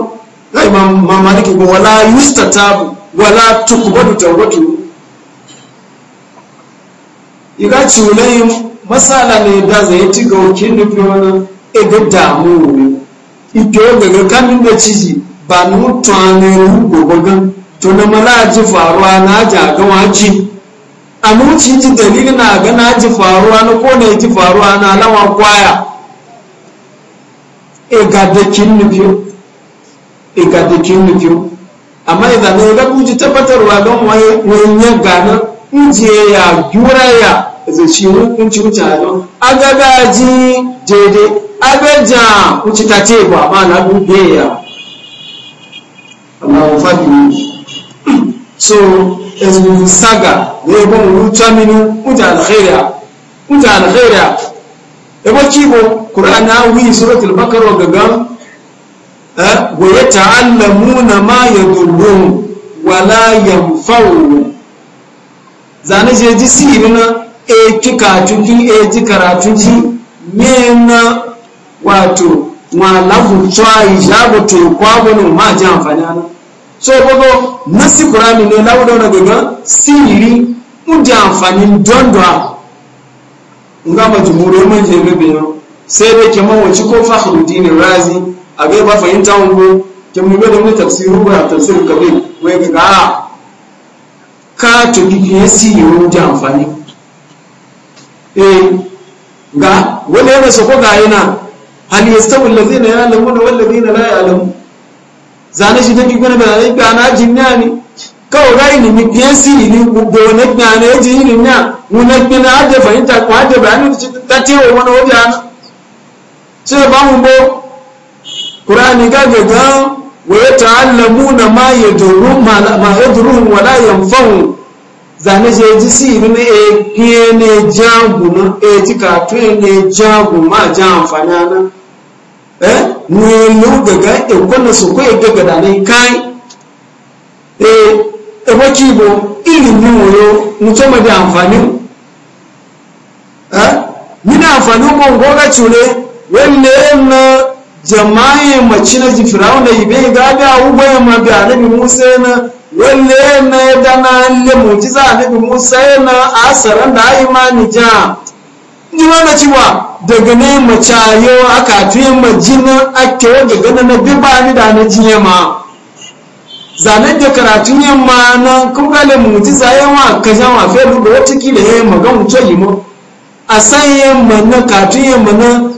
ga imam mamaliki ko wala yustatabu wala tukbadu tawatu iga ciwulayin masala ne da zai ti ga oke nufi wani ega damu wuri ike o gaga kamin da ciji ba nutu ne rugo gogan to na malaji faruwa na ji a gawa ji a nuci ji dalilin na ga na ji faruwa na ko na ji faruwa na lawa kwaya ega da kin nufi ega da kin nufi amma idan ne ga buji tabbatarwa don wani yagga na ujiye ya shi da shi hukunci don agagaji jede agaja kuci ta ce ba ma na dube ya amma mu fadi *clears throat* so ezu saga ne ba mu ruta minu uta alkhaira uta alkhaira e ba ki bo qur'ana wi suratul baqara gaga ha eh, wa yata'allamuna ma yadurruhum wala yanfa'uhum zane je ji siri na e ki katuki e ji karatuki mena wato malafu tsayi shago to kwabonu ma ji amfani ana so gogo si kurani ne lauda na gaga siri mu ji amfani dondwa nga ma jumuru man je bebe yo sai dai ke mawaci ko fakhruddin razi a ga ba fahimta wango ke mu ga da mu tafsiru ba tafsir kabir wai ga káàtò ya sí wani jẹ́ amfani eh ga wani yana sako ga yana hali ya stawul lazi na ya alamu wani wallazi na la alamu zane shi take gwana bayanai gana ya ne kawai ne mi biyan si ilimi gbogbo na gana ya ji ilimi na muna gina hajje fahimta ko da bayanin ta tewa wani wajen sai ba mu bo kurani ga gaggawa ويتعلمون ما يضرهم ما يضرهم ولا ينفعهم zane je ji si ibi na ekiye ne na eti katun ne jagu ma ja amfani ana eh ne lu gaga e kwana ko e gaga da ne kai eh e ba e ki bo yo da amfani eh mina amfani ko ngoga chule wenne na jama'i mace na ji firawuna ibe ga bi ugbo ya ma bi anabi musa na wale na ya na le mujiza anabi musa a asaran da ayi ma ni ja ni ma cewa daga ne mace yo aka tuye majina ake wanda gana na bi ba ni da na jiye ma zanen da karatu ne ma na kuma le mujiza yawa wa kaja wa fe da wata kila ya magan mutoyi mo a san ma na katun ma na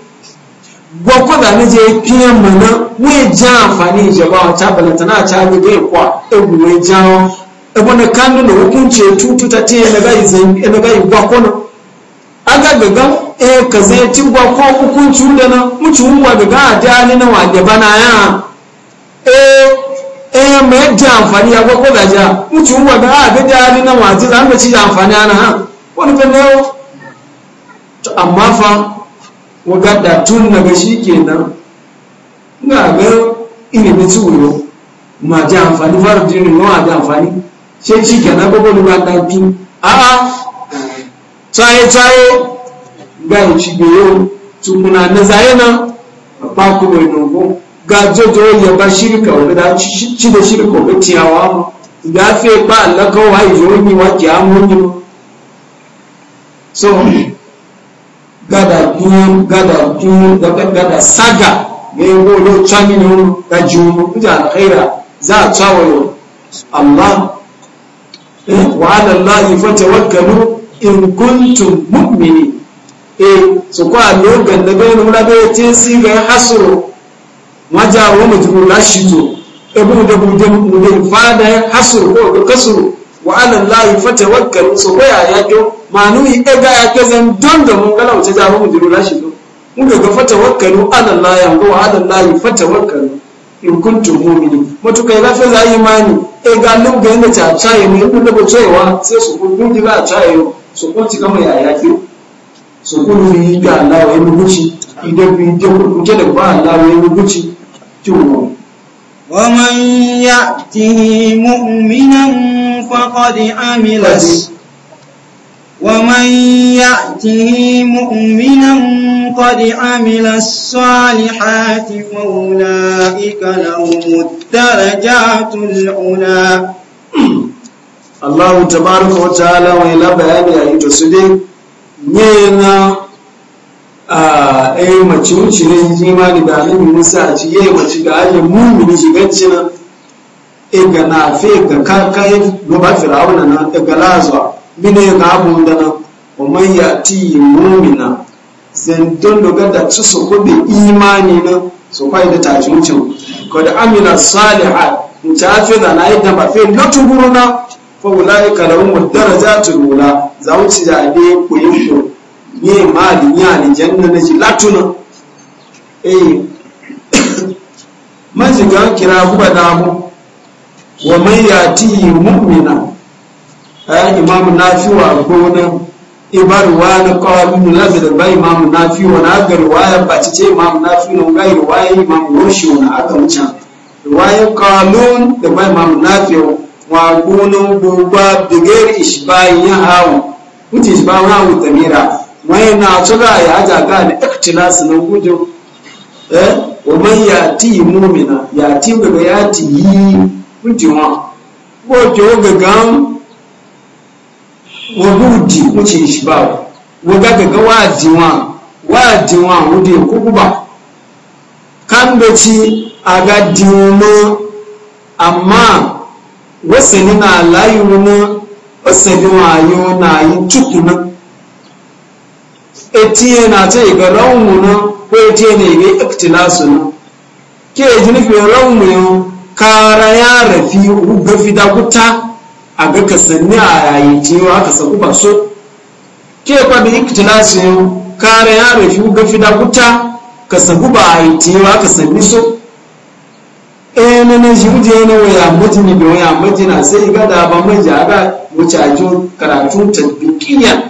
gwakwa da ni je kiyan mana we ja amfani je ba ta balanta na ta ni ga kwa ebu we ja ebo na kandu na hukunce tutu ta te na ga izan na ga gwakwa na aga gaga e ka zai ti gwakwa hukunci da na mutu wa gaga a da ni na wa da na ya e e me ja amfani ya gwakwa da ja mutu wa gaga a da da ni na wa ji zan ga ci amfani ana ha wani fa ne amma fa wakata tun daga shi kenan ina ga ilimin tsoro ma ji amfani fara jini ma ji amfani sai shi kenan gwagwani wata ta a a tsaye-tsaye yi ci da tun tukuna na zaye nan ba ku mai nogo ga jojo ya ba shirka wani da ci da shirka wani tiyawa ma ga fe ba alaka wa yi wani wa kiyamun yi so dun gada dun gada saga ne go lo chani no ga jumu ja alkhaira za tawayo Allah wa ala Allah fatawakkalu in kuntum e so kwa logan da bayan wala bai ce si ga hasro maja wa mujmul lashitu ebu da bu da mu da fada hasro ko wa alam fata yufatawakkal so koya ya jo manu yi daga ya ke zan don da mun gala wace za mu jiru rashi zo mun ga fatawakkalu ala la ya go ala fata yufatawakkal in kun kuntum mu'minin matuka ya fa zai imani e ga lu ga ne ta tsaye ne kun da cewa sai su ku kun ji ga tsaye su ku ci kama ya yaki su ku ni ga Allah wa yi guci idan bi je ku ke da ba Allah wa yi guci ki mu ومن يأته مؤمنا فقد عمل ومن يأته مؤمنا قد عمل الصالحات فأولئك لهم الدرجات العلى الله تبارك وتعالى وإلى بيان يا يتسدين نينا a eh, ɗaya eh, mace wuce ne jimani da annabi musa a ci yayi eh, mace ga aje mumini shiganci na ega na fe ga kakai loba fir'auna na ega lazwa mine ga abun da na wa man yati mumina zan don doga da su su ko be imani na su kai da tajuncin ko da amina salihat mutafi da na idan ba fe lotu guruna fa ulai kalahum darajatul ula zawuci da yi koyin ni mali ni alijanna na ji latuna eh *coughs* man shiga kira ba da mu wa man yati mu'mina eh imam nafiwa gona wa na qalu da ba imam nafiwa na garwa ya ci ce imam nafiwa ga riwaya imam roshi na aka mutan riwaya qalun da ba imam nafiwa wa gona gogba bigir ishbayin hawo mutis ba wa tamira mai na tura ya aja gane ikhtilas na gujo eh wa man yati mu'mina yati daga yati yi gujewa yi to ga gam wa budi kuce shi ba wa ga ga wajiwa wajiwa wude kukuba kan da a na etiye na ce ga raunmu na ko etiye ne ga iktilasu na ke ji nufi raunmu yau kara ya rafi ga fida kuta a ga kasanni a yi cewa aka sabu ba so ke kwabi iktilasu yau kara ya rafi ga fida kuta ka sabu ba a yi cewa aka sanni so eh na na shi uje na waya mutumi da waya na sai ga da ba a ga wuce a karatu tabbikiya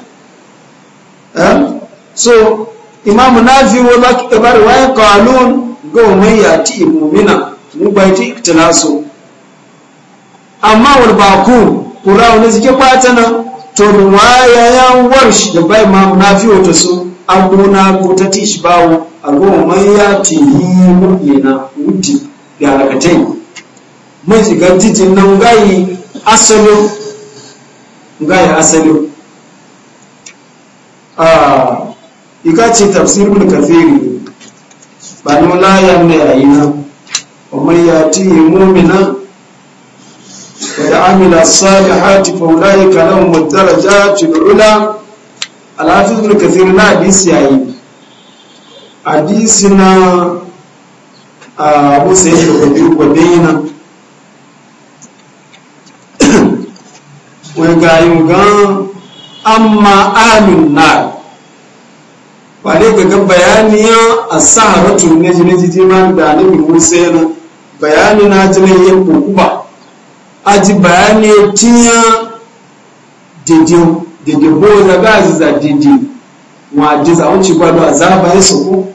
eh so imamu nafi'u wa ɗabar wa qalun ga ya ti mu'mina mu ba ti so amma wani wal baqu qura'u ne zike kwatana to ruwaya ya warshi da bai imamu wo ta so an gona ko ta tishi bawo a goma man yati mu'mina wuti da alakatai mai shiga titin nan gayi asalo gayi asalo ah, ika ce tafsir tafsirin kafiri ba nuna yan ya yi na umar ya ti mumina wa da amila salihati fa ulai kalam mudarajat ula alhafizul kathir na hadisi yi. hadisi na abu sayyid al-kabir gwadaina wai ga gan amma amin na ba ga ga bayaniya a sa haratu na jini jiji ma da annabi musa yana bayani na jini ya kokuba a ji bayani tiya dede bo na gaji za dede wa ji za wuce gwado a zaba ya soko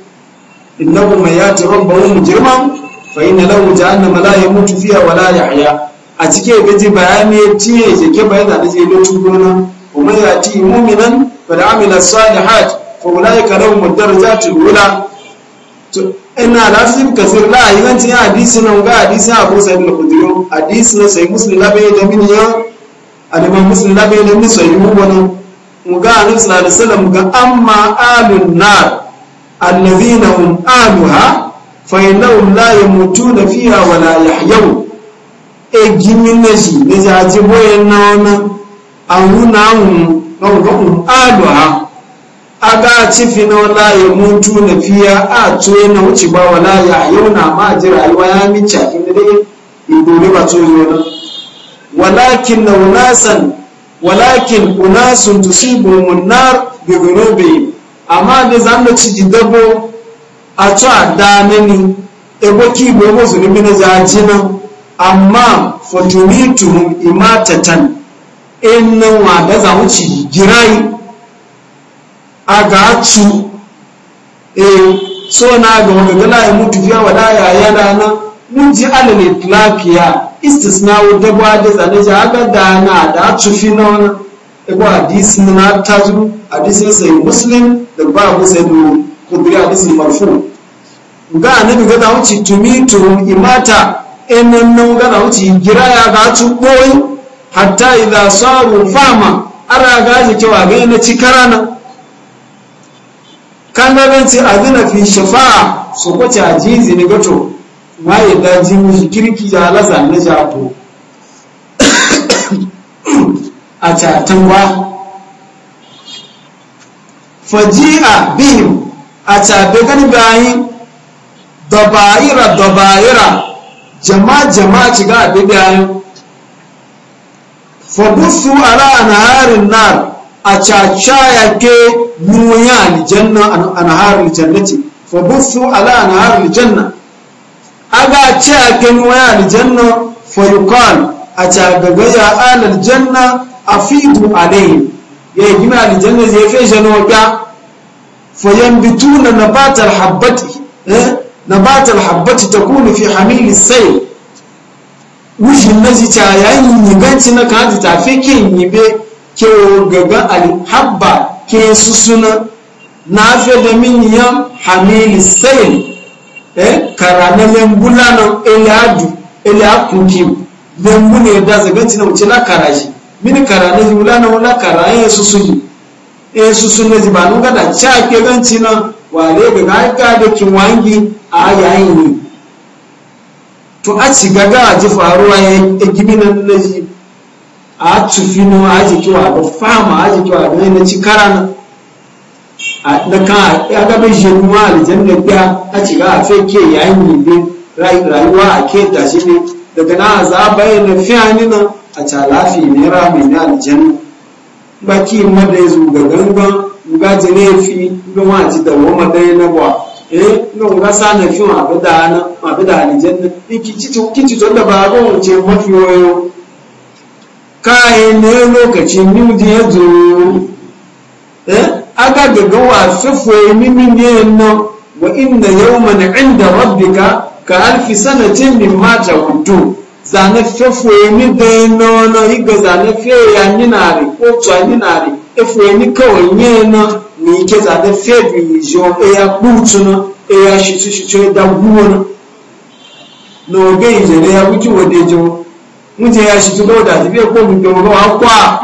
innahu mai ya taron ba wani girma fa an da jahannama la yamutu fiha wala haya a cike ga ji bayani tiya ya ke bayan da je da tugona gona kuma ya ti mu'minan fa da amila salihat fa ulaika lahum darajatul ula to ina lasim kasir la yawanci hadisi nan ga hadisi Abu Sa'id al-Khudri hadisi sai Muslim la da min ya alima Muslim la da min sai mu wani mu ga Annabi sallallahu alaihi wasallam ga amma alun nar alladhina aluha fa innahum la yamutuna fiha wa la yahyawun e gimin na shi na jaji boyen na wani an nuna hun ga hun aluha aga ci fina wala ya mutu na fiya a tuye na wuce ba wala ya yau na ma ji rayuwa ya mice inda dai idori ba tuye wala walakin na unasan walakin unasun tusibu munnar bi gunubi amma da zan mu ci dabo a to a danani ebo ki bo bo ji na amma fatumituhum imatatan nan wa da za wuce girai aga tsu so na ga wanda gala ya mutu fiya wada ya yana nan mun ji alale tlakiya istisnawo dabwa da zane ji haka da na da tsufi na wani ebo hadisi na tajiru hadisi sai muslim da ba abu sai da kudiri hadisi marfu ga annabi ga da wuce tumi tumi imata enan nan ga da wuce gira ya ga tsu boy hatta idza saru fama ara ga ji cewa ga na cikarana kangaranci azina fi shafa'a su kwace a ajizi ne gato ma yi daji mishi kirki ya laza na jato a catan ba faji'a bihim a cabe gani bayan dabayira dabayira jama jama ci ga abi fagusu ala na harin nar a cacaya ke nuya aljanna an har aljannati fa busu ala an har aljanna aga caya ke nuya aljanna fa yuqal a ca daga ya al aljanna afidu alayhi ya gina aljanna zai feshe na waka fa yanbituna nabatal habbati eh nabatal habbati takunu fi hamili sayl wujin naji ta yayin yiganci na kaji tafi kin yibe ke gaba alhabba ke susuna na fi da miniyan hamili sayin eh kara na lambula na iladu ilakun kim lambu ne da zaganci na wuce na kara shi mini kara na jimula na wula kara ya susuni ya susuna ji ba nun gada ca ke ganci na wale ga ka da wangi a yayin ne to a ci gaga a ji faruwa ya gibi na lalaji a tufino a aji wa da fama a jiki wa da na ci e, na. da kan ya gaba shi kuma aljanna biya a ci ga fe ke yayin yibe rayuwa a ke da shi ne daga na za bayyana fiyani na a lafi ne ra rami na aljanna baki mada ya zuga gangan ga ne fi ga ma ji da wama dai na ba eh no ga sa na fi ma da na ma bada aljanna ki ci ki ci da ba ga mu ce mafi yoyo kayan ne lokacin mimdi ya eh aka daga wasafuwa mimin ne nan wa inna yawman inda rabbika ka alfi sanatin min mata hudu zane fefuwa mi dai na wani iga zane fe ya ninari otu a ninari efuwa mi kawai nye na ni ke zane fe bi jo eya gbutu na eya shi shi da guwa na na oge ijere ya guji wade jo muje ya shi tuko da tafiya ko mu dogo akwa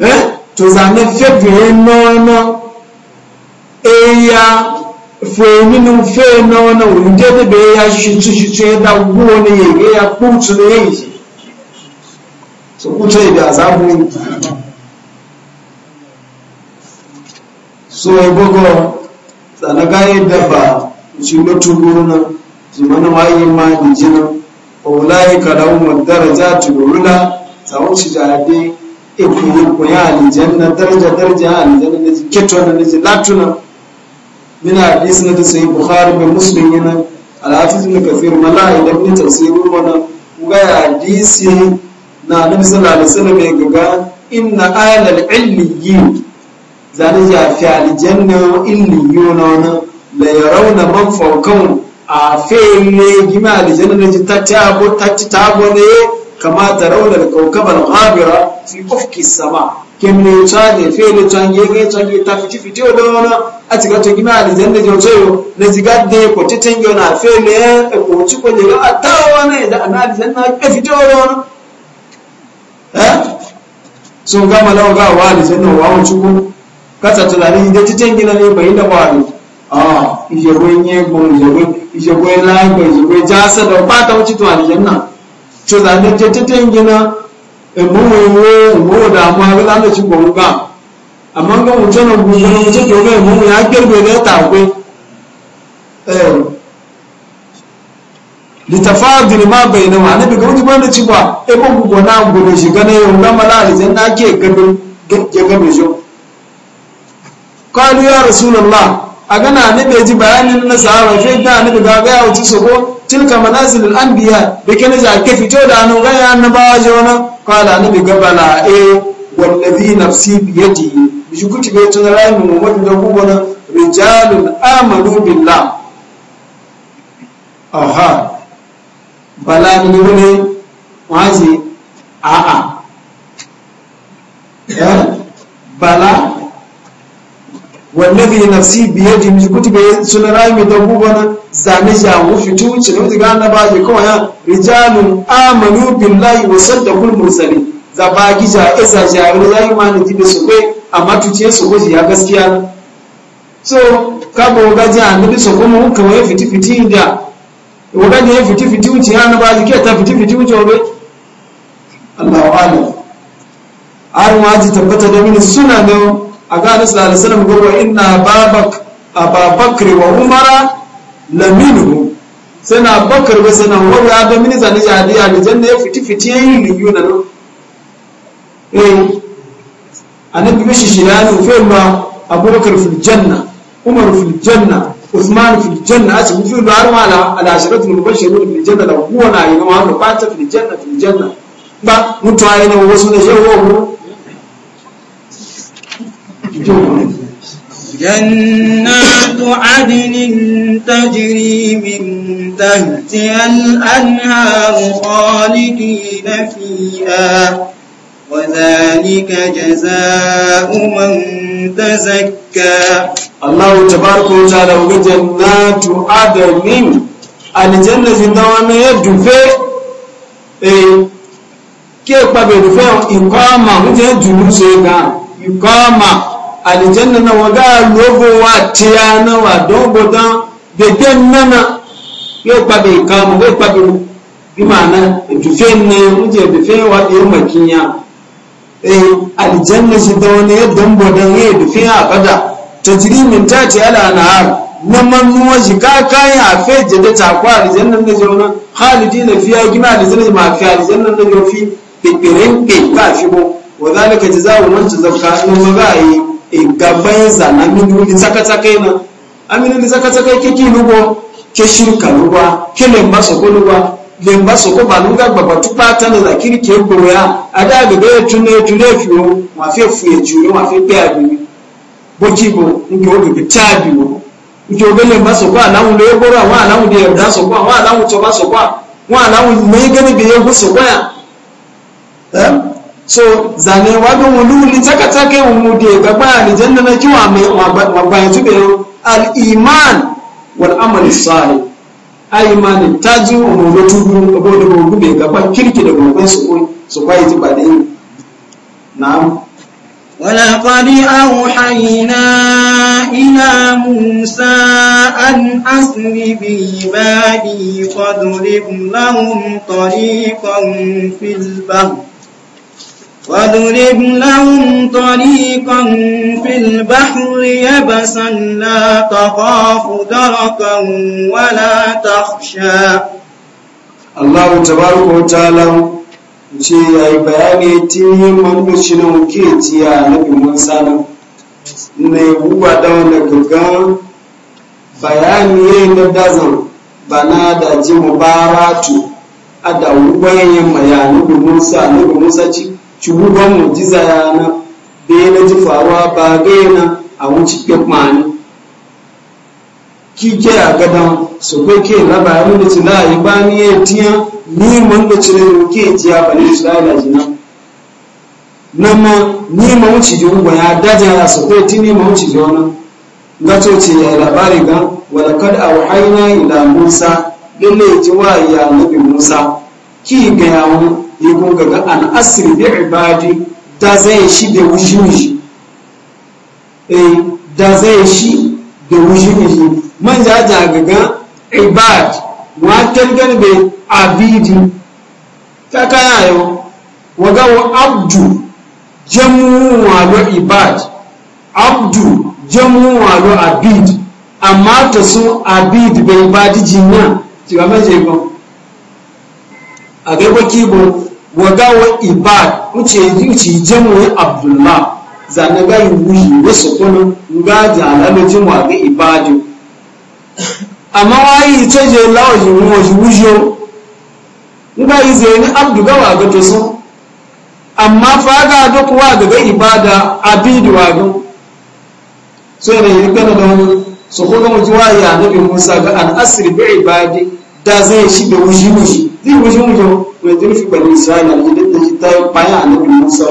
eh to zane february no no eya fèmí ní fẹ́ náà náà òun jẹ́ bẹ̀rẹ̀ ya ẹ̀dá gbóò ní èyí ya e e kóòtù ní so kóòtù èdè àzábò yìí so ẹgbọ́gọ́ tsanagayé daba ìṣúlótú gbóò náà ṣùgbọ́n náà wáyé máa ulaika lahum darajatu ula sawun shi jade ikun ko ya aljanna daraja daraja aljanna ne keto na ne latuna min hadis na da sai bukhari da muslim yana al-hafiz ibn kathir malai da ibn tafsir wannan ga hadisi na nabi sallallahu alaihi wasallam ya gaga inna alal ilmiyin zane ya fi man a fene gima aljanna ne ta tabo ta tabo ne kama ta raunar kaukabar habira fi ufki sama kemne ta ne fene ta yenge ta ke ta fiti fiti odona a tiga to gima aljanna je yau, ne jiga de ko teten yo na fene e ko ci ko ne ga tawa ne da na aljanna ke fiti odona eh so gama lawa ga wa aljanna wa wuci ko kata tunani da teten gina ne bai da wani ìṣẹ̀wé yín ẹgbọ́n ìṣẹ̀wé bai nawa ne bi gauji bane ci ba e ko gugo shi na a gana nabe ji bayanin na sahaba fe da nabe ga ga yawo su ko tilka manazilul anbiya da kana ja ke fito da anu ga ya annabawa je wana qala nabi gabala e eh, wallazi nafsi bi yadi shi kuti be tun rayu mu mutum da ku gona rijalun amanu billah aha bala ni wani wazi a'a wallazi nafsi biyadi mjikuti be sunarai mi dabubana zane ja wufi tuci ne wuti gana ba je kawai rijalun amanu billahi wa saddaqul mursalin za ba gija isa jaru zai ma ne tibe su kai amma tuce su goji ya gaskiya so ka bo gaji annabi su kuma kawai fiti fiti da wagaji ya fiti fiti wuce ya na ba je ta fiti fiti wuce obe Allahu alim har ma ji tabbata da mini suna da a ga anasu da alisalam babak ina babakar wa umara laminu sai na bakar ba sai na wani adam mini zane jadi a da da ya fiti fiti ya yi na nan eh annabi bishi shi ya nufe ma abubakar fil janna umar fil janna usman fil janna a cikin fil har ma ala ashiratul mubashirun fil janna da kuwa na yi ma haka fata fil janna fil janna ba mutuwa ne wasu na shehu جنات عدن تجري من تحتها الأنهار خالدين فيها وذلك جزاء من تزكى الله تبارك وتعالى وجنات عدن الجنة دوام يدفع kí ẹ̀pàbẹ̀rù fẹ́ ìkọ́ ọmọ oúnjẹ jùlọ ṣe gan ìkọ́ ọmọ alijanna na waga lobowa tiya na wa dogodan gbẹgbẹ nana yóò pàbẹ ìkàmù yóò pàbẹ ìmàna ìdùfẹ́ ní oúnjẹ ìdùfẹ́ wa bí ó màkìyà eh alijanna shi da wani yadda bodan ya ìdùfẹ́ àbádà tàjírí min tàti alànàhar na man mu manuwa shi kakayin da ta kwa alijanna na jauna khalidi na fiya gina alijanna ma fi alijanna na jaufi ƙirƙirin ƙi ba shi ko wa zalika jaza'u man tazakka in ma za a yi igabanza na minundi tsakatsaka ina aminundi tsakatsaka ikeki lugwa ke shirka lugwa ke lemba soko lugwa lemba soko balunga gbagba tupata na zakiri ke gboya ada gbe etu na etu na efiwo wa fe fu eju wa fe pe abi bokibo nke oge bi tabi wo nke oge lemba soko alawun le gboro awon alawun de da soko awon alawun toba soko awon alawun me gani bi yego soko ya so zane waɗin wululi taka take yin mude gaba a janna na kiwa mai bayan tube al'iman wal'amal sa'ai a imanin ta ji umaru tubu abu da gogu mai gaba kirki da gogon su su kwaye ji ba da yi na'am ولقد أوحينا إلى موسى أن أسر بعبادي فاضرب لهم طريقا في البحر واضرب لهم طريقا في البحر يبسا لا تخاف دركا ولا تخشى الله تبارك وتعالى ce ya yi bayani tihin wanda shi na muke ci a nufin wansa na yi buwa da wanda gaggan bayani ya yi na dazan ba na da ji mubaratu a da wuwayen na da musa ci cihuban mujiza yana da yana ji ba ga yana a wuce gabmani kike a gadan su kai ke na bayan da ci na yi ba ni ya tiya ni man da ci na yi ke ji ba ni su da jina Na ma ni ma wuce ji ugwa ya daja ya su kai ti ni ma wuce ji wani gato ce ya labari ga kada a wahaina ila musa lalle ji wa ya nabi musa ki ga yawon yi kun gaga an asir bi ibadi da zai shi da wuji wuji eh da zai shi da wuji wuji man ja ja gaga ibad wa tangan be abidi ta kaya yo waga wa abdu jamu wa lo ibad abdu jamu wa lo abid amma ta sun abid be ibadi jinna ti ga maje ko a ga kibo wagawa ibad wuce wuce jamuwar abdullah zane ga yi wuyi wasu kuna ga jalalajin wa ga ibadu amma wayi ce je lawaji waji wujo ga yi zai ni abdu gawa ga to amma faga da kuwa daga ibada abidu wa ga so ne yi gana da wani so kuma mu ji wayi annabi Musa ga al'asir bi ibadi da zai shi da wuji wuji zai wuce wuce mai zurfi bani isra'ila ne duk da ta yi bayan annabi musa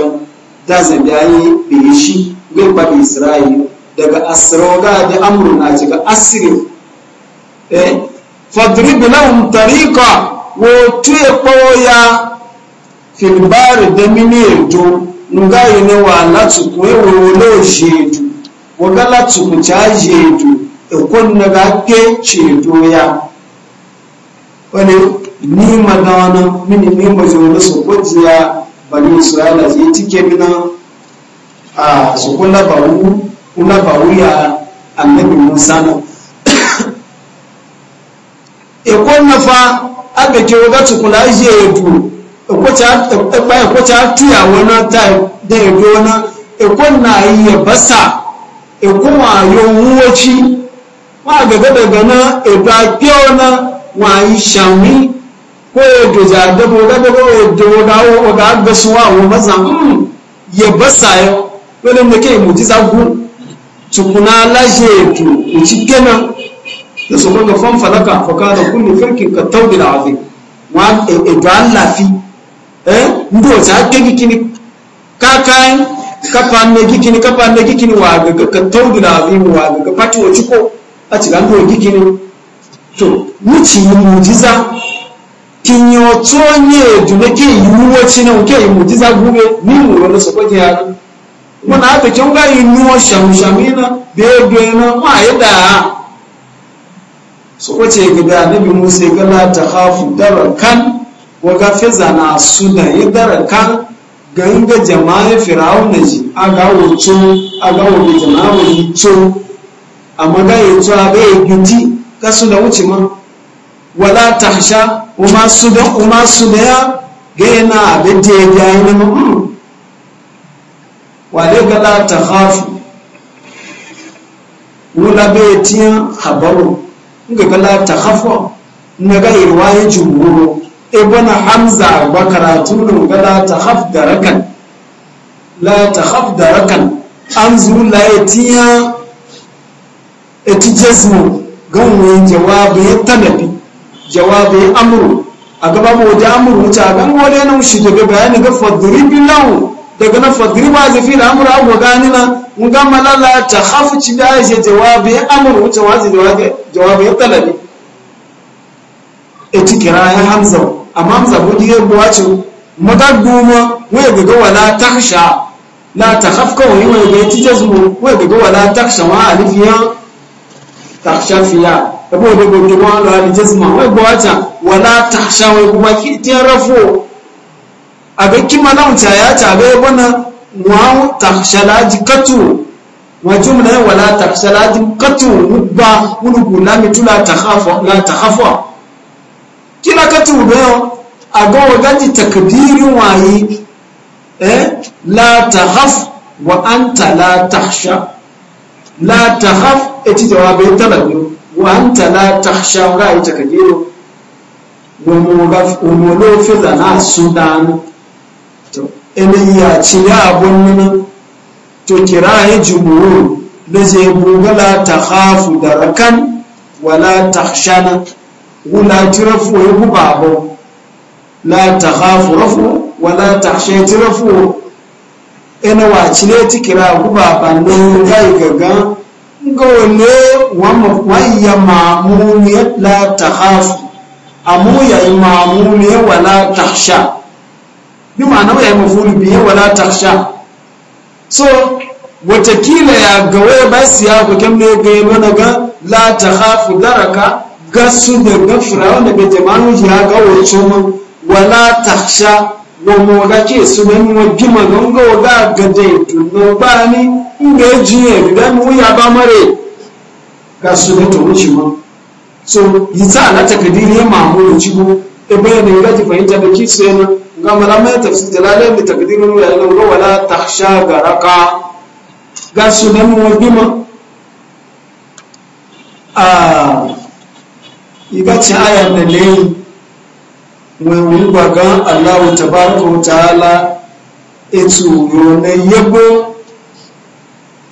da zabi yi da ya shi bai bani isra'ila daga asroga da amrun a cika asiri eh fadrib lahum tariqa wo tuye ya. filibari demini edo nga ne wa latuku ewewo looji edu woga latuku kyayi edu ekwo nnaga ke kyedo ya wani ni magana mini ni majalu su kwajiya bani isra'ila zai tike mina a su kula bawu kula bawu ya annabi musa na e kwanna fa abe ke waga su kula je edu e kwacha tuya wana ta da edu na e kwanna yi ya basa e kuma yo wuwaci ma ga daga na edu a na wa yi shami ko ya doja dabo dabo ko ya dobo dawo o ga ga suwa o maza mm ya basa yo wele ne ke mujiza gu tukuna laje tu uci kenan da su kuma fan falaka fa kana kullu firkin ka tawdil azim wa e do e, Allah fi eh ndo ta ke kini ka kai ne panne kini ka panne kini wa ga ka tawdil azim wa ga patu o ciko a ci ga ndo kini to wuci mujiza tinyo tsonye dule ke yiwuwa cinan ke yi mujiza gube ni mu wani su kwake ya nan muna haka kin ga nuwa shamshami na da na ma yi da su kwace gida na bi musa ga la ta hafu darakan wa ga fiza na su da ya darakan ganga jama'a na ji a ga wuto a ga wuto na wuto amma ga yi tsawa ga yi gidi da wuce ma wala tahsha uma sudan uma sudaya gaina abinda ya gaya na mu wale ga la khafu! wula bai tiya habaru ga kala la takhafu na ga irwaye jumhuru ibn hamza ba karatu da ga la takhaf darakan la khaf darakan an zu la tiya etijesmo jazmu gan wani jawabi ya talabi jawabi amru a gaba mu wajen amru wuce a gan wani yana shi daga bayani ga fadribi lahu daga na fadriba zafi da amru abu gani na mun ga malala ta hafi ci da aisha jawabi amru wuce wajen jawabi talabi e ci kira ya hamza amma hamza buɗi ya buwa ce madadduma waya gaga wala taksha la ta hafka wani waya ga ya ci jazmu waya gaga wala taksha wa alifiya taksha fiya saboda gobe ma Allah da jazma wai gwata wala tahsha wai kuma ki tarafo a ga kima na mutaya ya ta ga bana wa tahshala jikatu wa jumla wala tahshala jikatu mubba wulu la mitula takhafa la takhafa kila katu da a ga wadanji takdirin wayi eh la takhaf wa anta la tahsha la takhaf eti jawabe talabi wa anta la takhsha ga ita kagiro wamolo fiza na sudan to ene ya ci ya abun nan to kiraye jumhur da je bugala ta khafu darakan wala takhshana wala tirafu ya babo la takhafu khafu rafu wala takhsha tirafu ene wa ci ne tikira gubaban nan ga gaga wa wayya ma'mumiya la takhafu amu ya imamumiya wala takhsha bi ma'ana ya mafulu biya wala takhsha so watakila ya gawe basi ya ko kemne ga mana ga la takhafu daraka gasu da gafra wanda bai jama'u ya ga wato wala takhsha wa mu ga ke su ban wa gima ga ga ga dai ba ni ji ejiye biga mu ya ba mare ga su ne ta wuce ma so yitsa na takadiri ya mamu da cibo ta bayyana ya ji fahimta da ki sai na ga malama ya tafsir mai bi takdirin ya la ga wala ta garaka ga su ne mu ma? a ga ci ayar da ne mai ba ga Allah tabaraka wa ta'ala etu yo ne yabo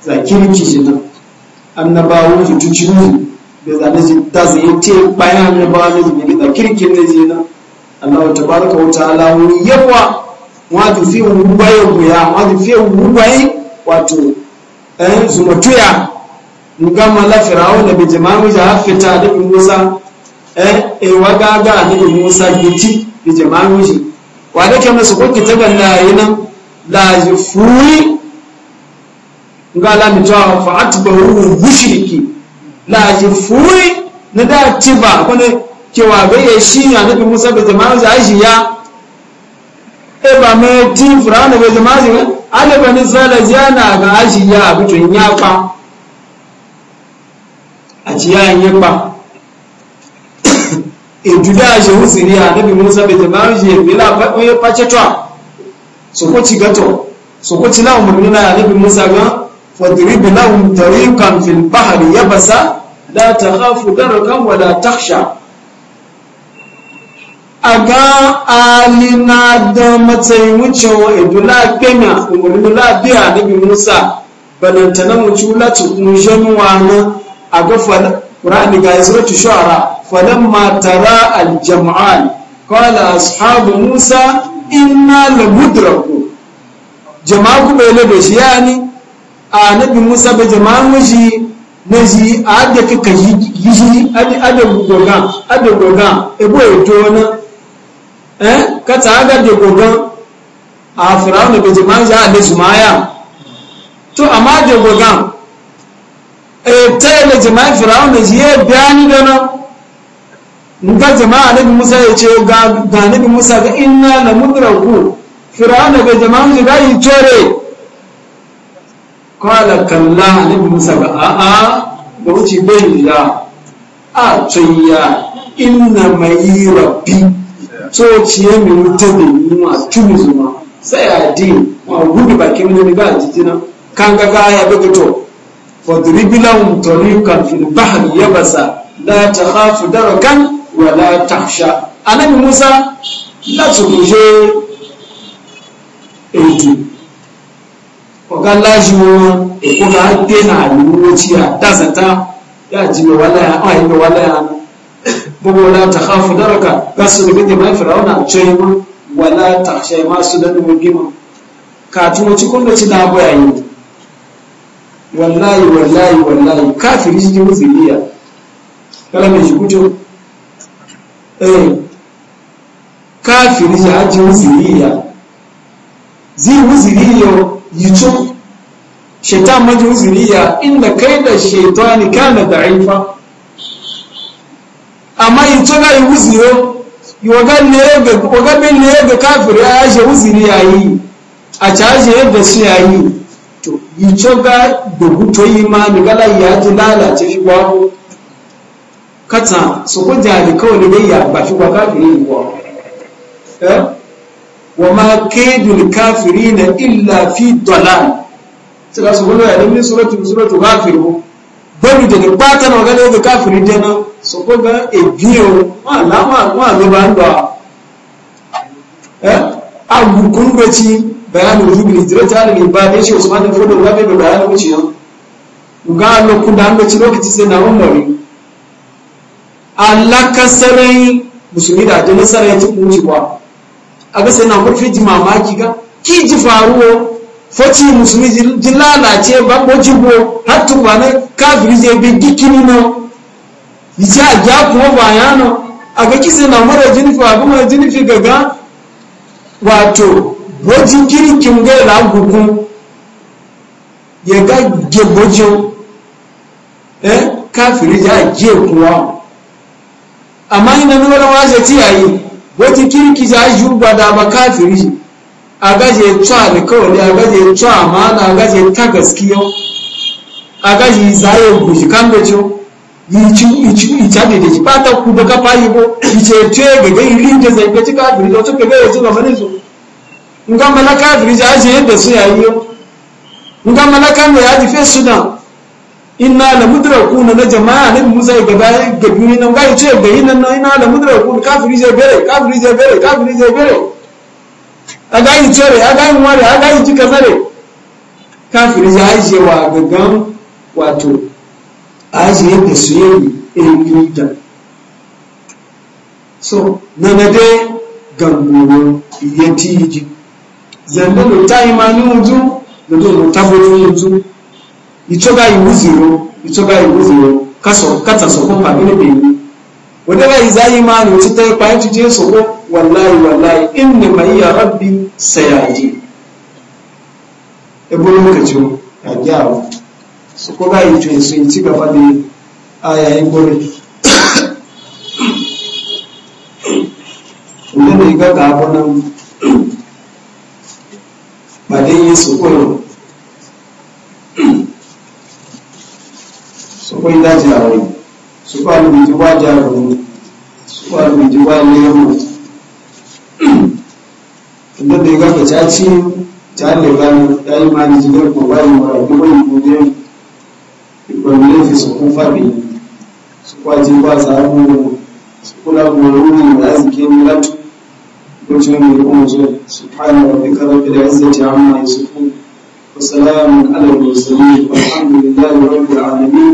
za kirki shi nan annabawo shi tuci ne da zane shi ta zai ce bayan annabawa ne shi ne kirki ne shi nan Allah ta baraka wata ta'ala wuri yawa wato fiye wuwaye guya wato fiye wuwaye wato ɗan eh, zumatuya mugamma la firawo da bi jama'a ja fita da musa eh ewa eh, gaga da musa gici bi jama'a wa da kamar su ko kitaban la da la yufuyi ngala mitwa fa atbahu mushriki la furi na da tiba kone cewa gaye shi ya nabi musa da zama za shi ya e ba me ti furana be jama'a ne ale ba ni sala jana ga ashi ya bitun ya pa a ci ya yin pa e duda je husiri ya nabi musa be jama'a je bila ba ko ya pace to so ko ci gato so ko ci na umurni na nabi musa ga فاضرب لهم طريقا في البحر يبسا لا تخاف دركا ولا تخشى aga alina da matsayin wucewa idula kenya umurmula biya nabi musa na balantana mucula tukunshen wani a ga ƙura'ani ga izratu shara falamma tara aljam'an qala ashabu musa inna lamudraku jama'a ku bai labe shi yani anabi musa ba jama'an maji na ji a adda kika yi shi adda gogan adda gogan ebo eto na eh ta aga da gogan a firawuna ba jama'an ji adda sumaya to amma da gogan e eh, ta yi da jama'an firawuna ji ya bayani da na nka jama'a nabi musa ya ce ga nabi musa ga inna na mudraku firawuna ba jama'an ji ga yi tore kwala kalla annabi musa ga a'a ba wuce bai a tsayya inna mai rabbi so ciye mai wuta da tuni zuma sai a di ma gudu bakin wani ba a jikina kan ga gaya baka to fadribilan tariqan fil yabasa la takhafu darakan wa la tahsha annabi musa la tsuje edu eh, ga laji wo ko ga te na lu ci ya dasata ya ji me wala ya ai me wala ya bugu la khafu daraka kasu bi ma fir'auna chayma wala takhshay ma mu mugima ka tuwo ci kun da ci na boyayi wallahi wallahi wallahi kafiri ji muziliya kala me ji kuto eh kafiri ji haji muziliya zi muziliyo yicu shaitan majusiliya inda kai da shaitani kana da'ifa amma yicu ga yi wuziyo wagabin ne ga kafiri a yashe wuziri yayi a cashe yadda su yi to yicu ga da hutu yi ma da gala ya ji lalace fi gwabo kata su kuja da kawai da ya ba fi gwa kafiri yi gwa eh? wa ma kaidul kafirina illa fi dalal su gona da ni suratu suratu kafir ko daga bata na ga daga kafiri dana so ko ga e biyo ma la ma ma ba ndo eh abu kun bayanin rubin ne ba dai shi Usman da Fodo ga bayanin wuce yau ga lokun da an gaci lokaci sai na umari Allah kasarai musulmi da ajin sarai ta kunci aga sai na murfi ji mamaki ga ki ji faruwa foti musulmi ji lalace ba ko ji bo har tu ne kafiri je bi dikini no ji a ja kuma bayano aga ki sai na mara jinifi abu mara jinifi gaga wato bojin kirin kim ga la gugu ya ga ge eh kafiri ja je kuwa amma ina ne wala waje ti yayi wata kirki za shi ba da ba kafiri a gaje tsa da kawai a gaje tsa amana a gaje ta gaskiya a gaje zaye gushi kan da ciwo icade da kipata kuba kapaibo icetwegege ilinde zaipe chikaviri otokegeyechikamanizo ngamala kaviri chaachiyende suyayiyo ngamala kano yachifesuna inna la ku na jama'a ne musa ga bai ga duni nan ga ce ga yin nan ina la mudrakun kafiri je bere kafiri je bere kafiri je bere aga yi cere aga yi ware aga yi kika zare kafiri ya aje wa gaggan wato aje da su yi kirita so na na de gangoro iye tiji zanne lo ta imani mutu da zo lo tabbata mutu itoga iwuziro itoga iwuziro kaso kata soko pamene beni wadaba izayi mani utita kwa yetu je soko wallahi wallahi inni ma ya rabbi sayadi ebo soko aya ne ba dai soko yau akwai daji a wai su ba mu ji ba jaru su ba mu ji ba lemu inda da ya gafa caci ta le ga ya yi ma ji ga ko wa mu rabu wai mu ne ko ne fi su kun fabi su kwa ji ba za mu su kula mu wani da azike mu latu ko ce mu ko mu ce subhanahu wa ta'ala bil izzati amma yasifun وسلام على المرسلين والحمد لله رب العالمين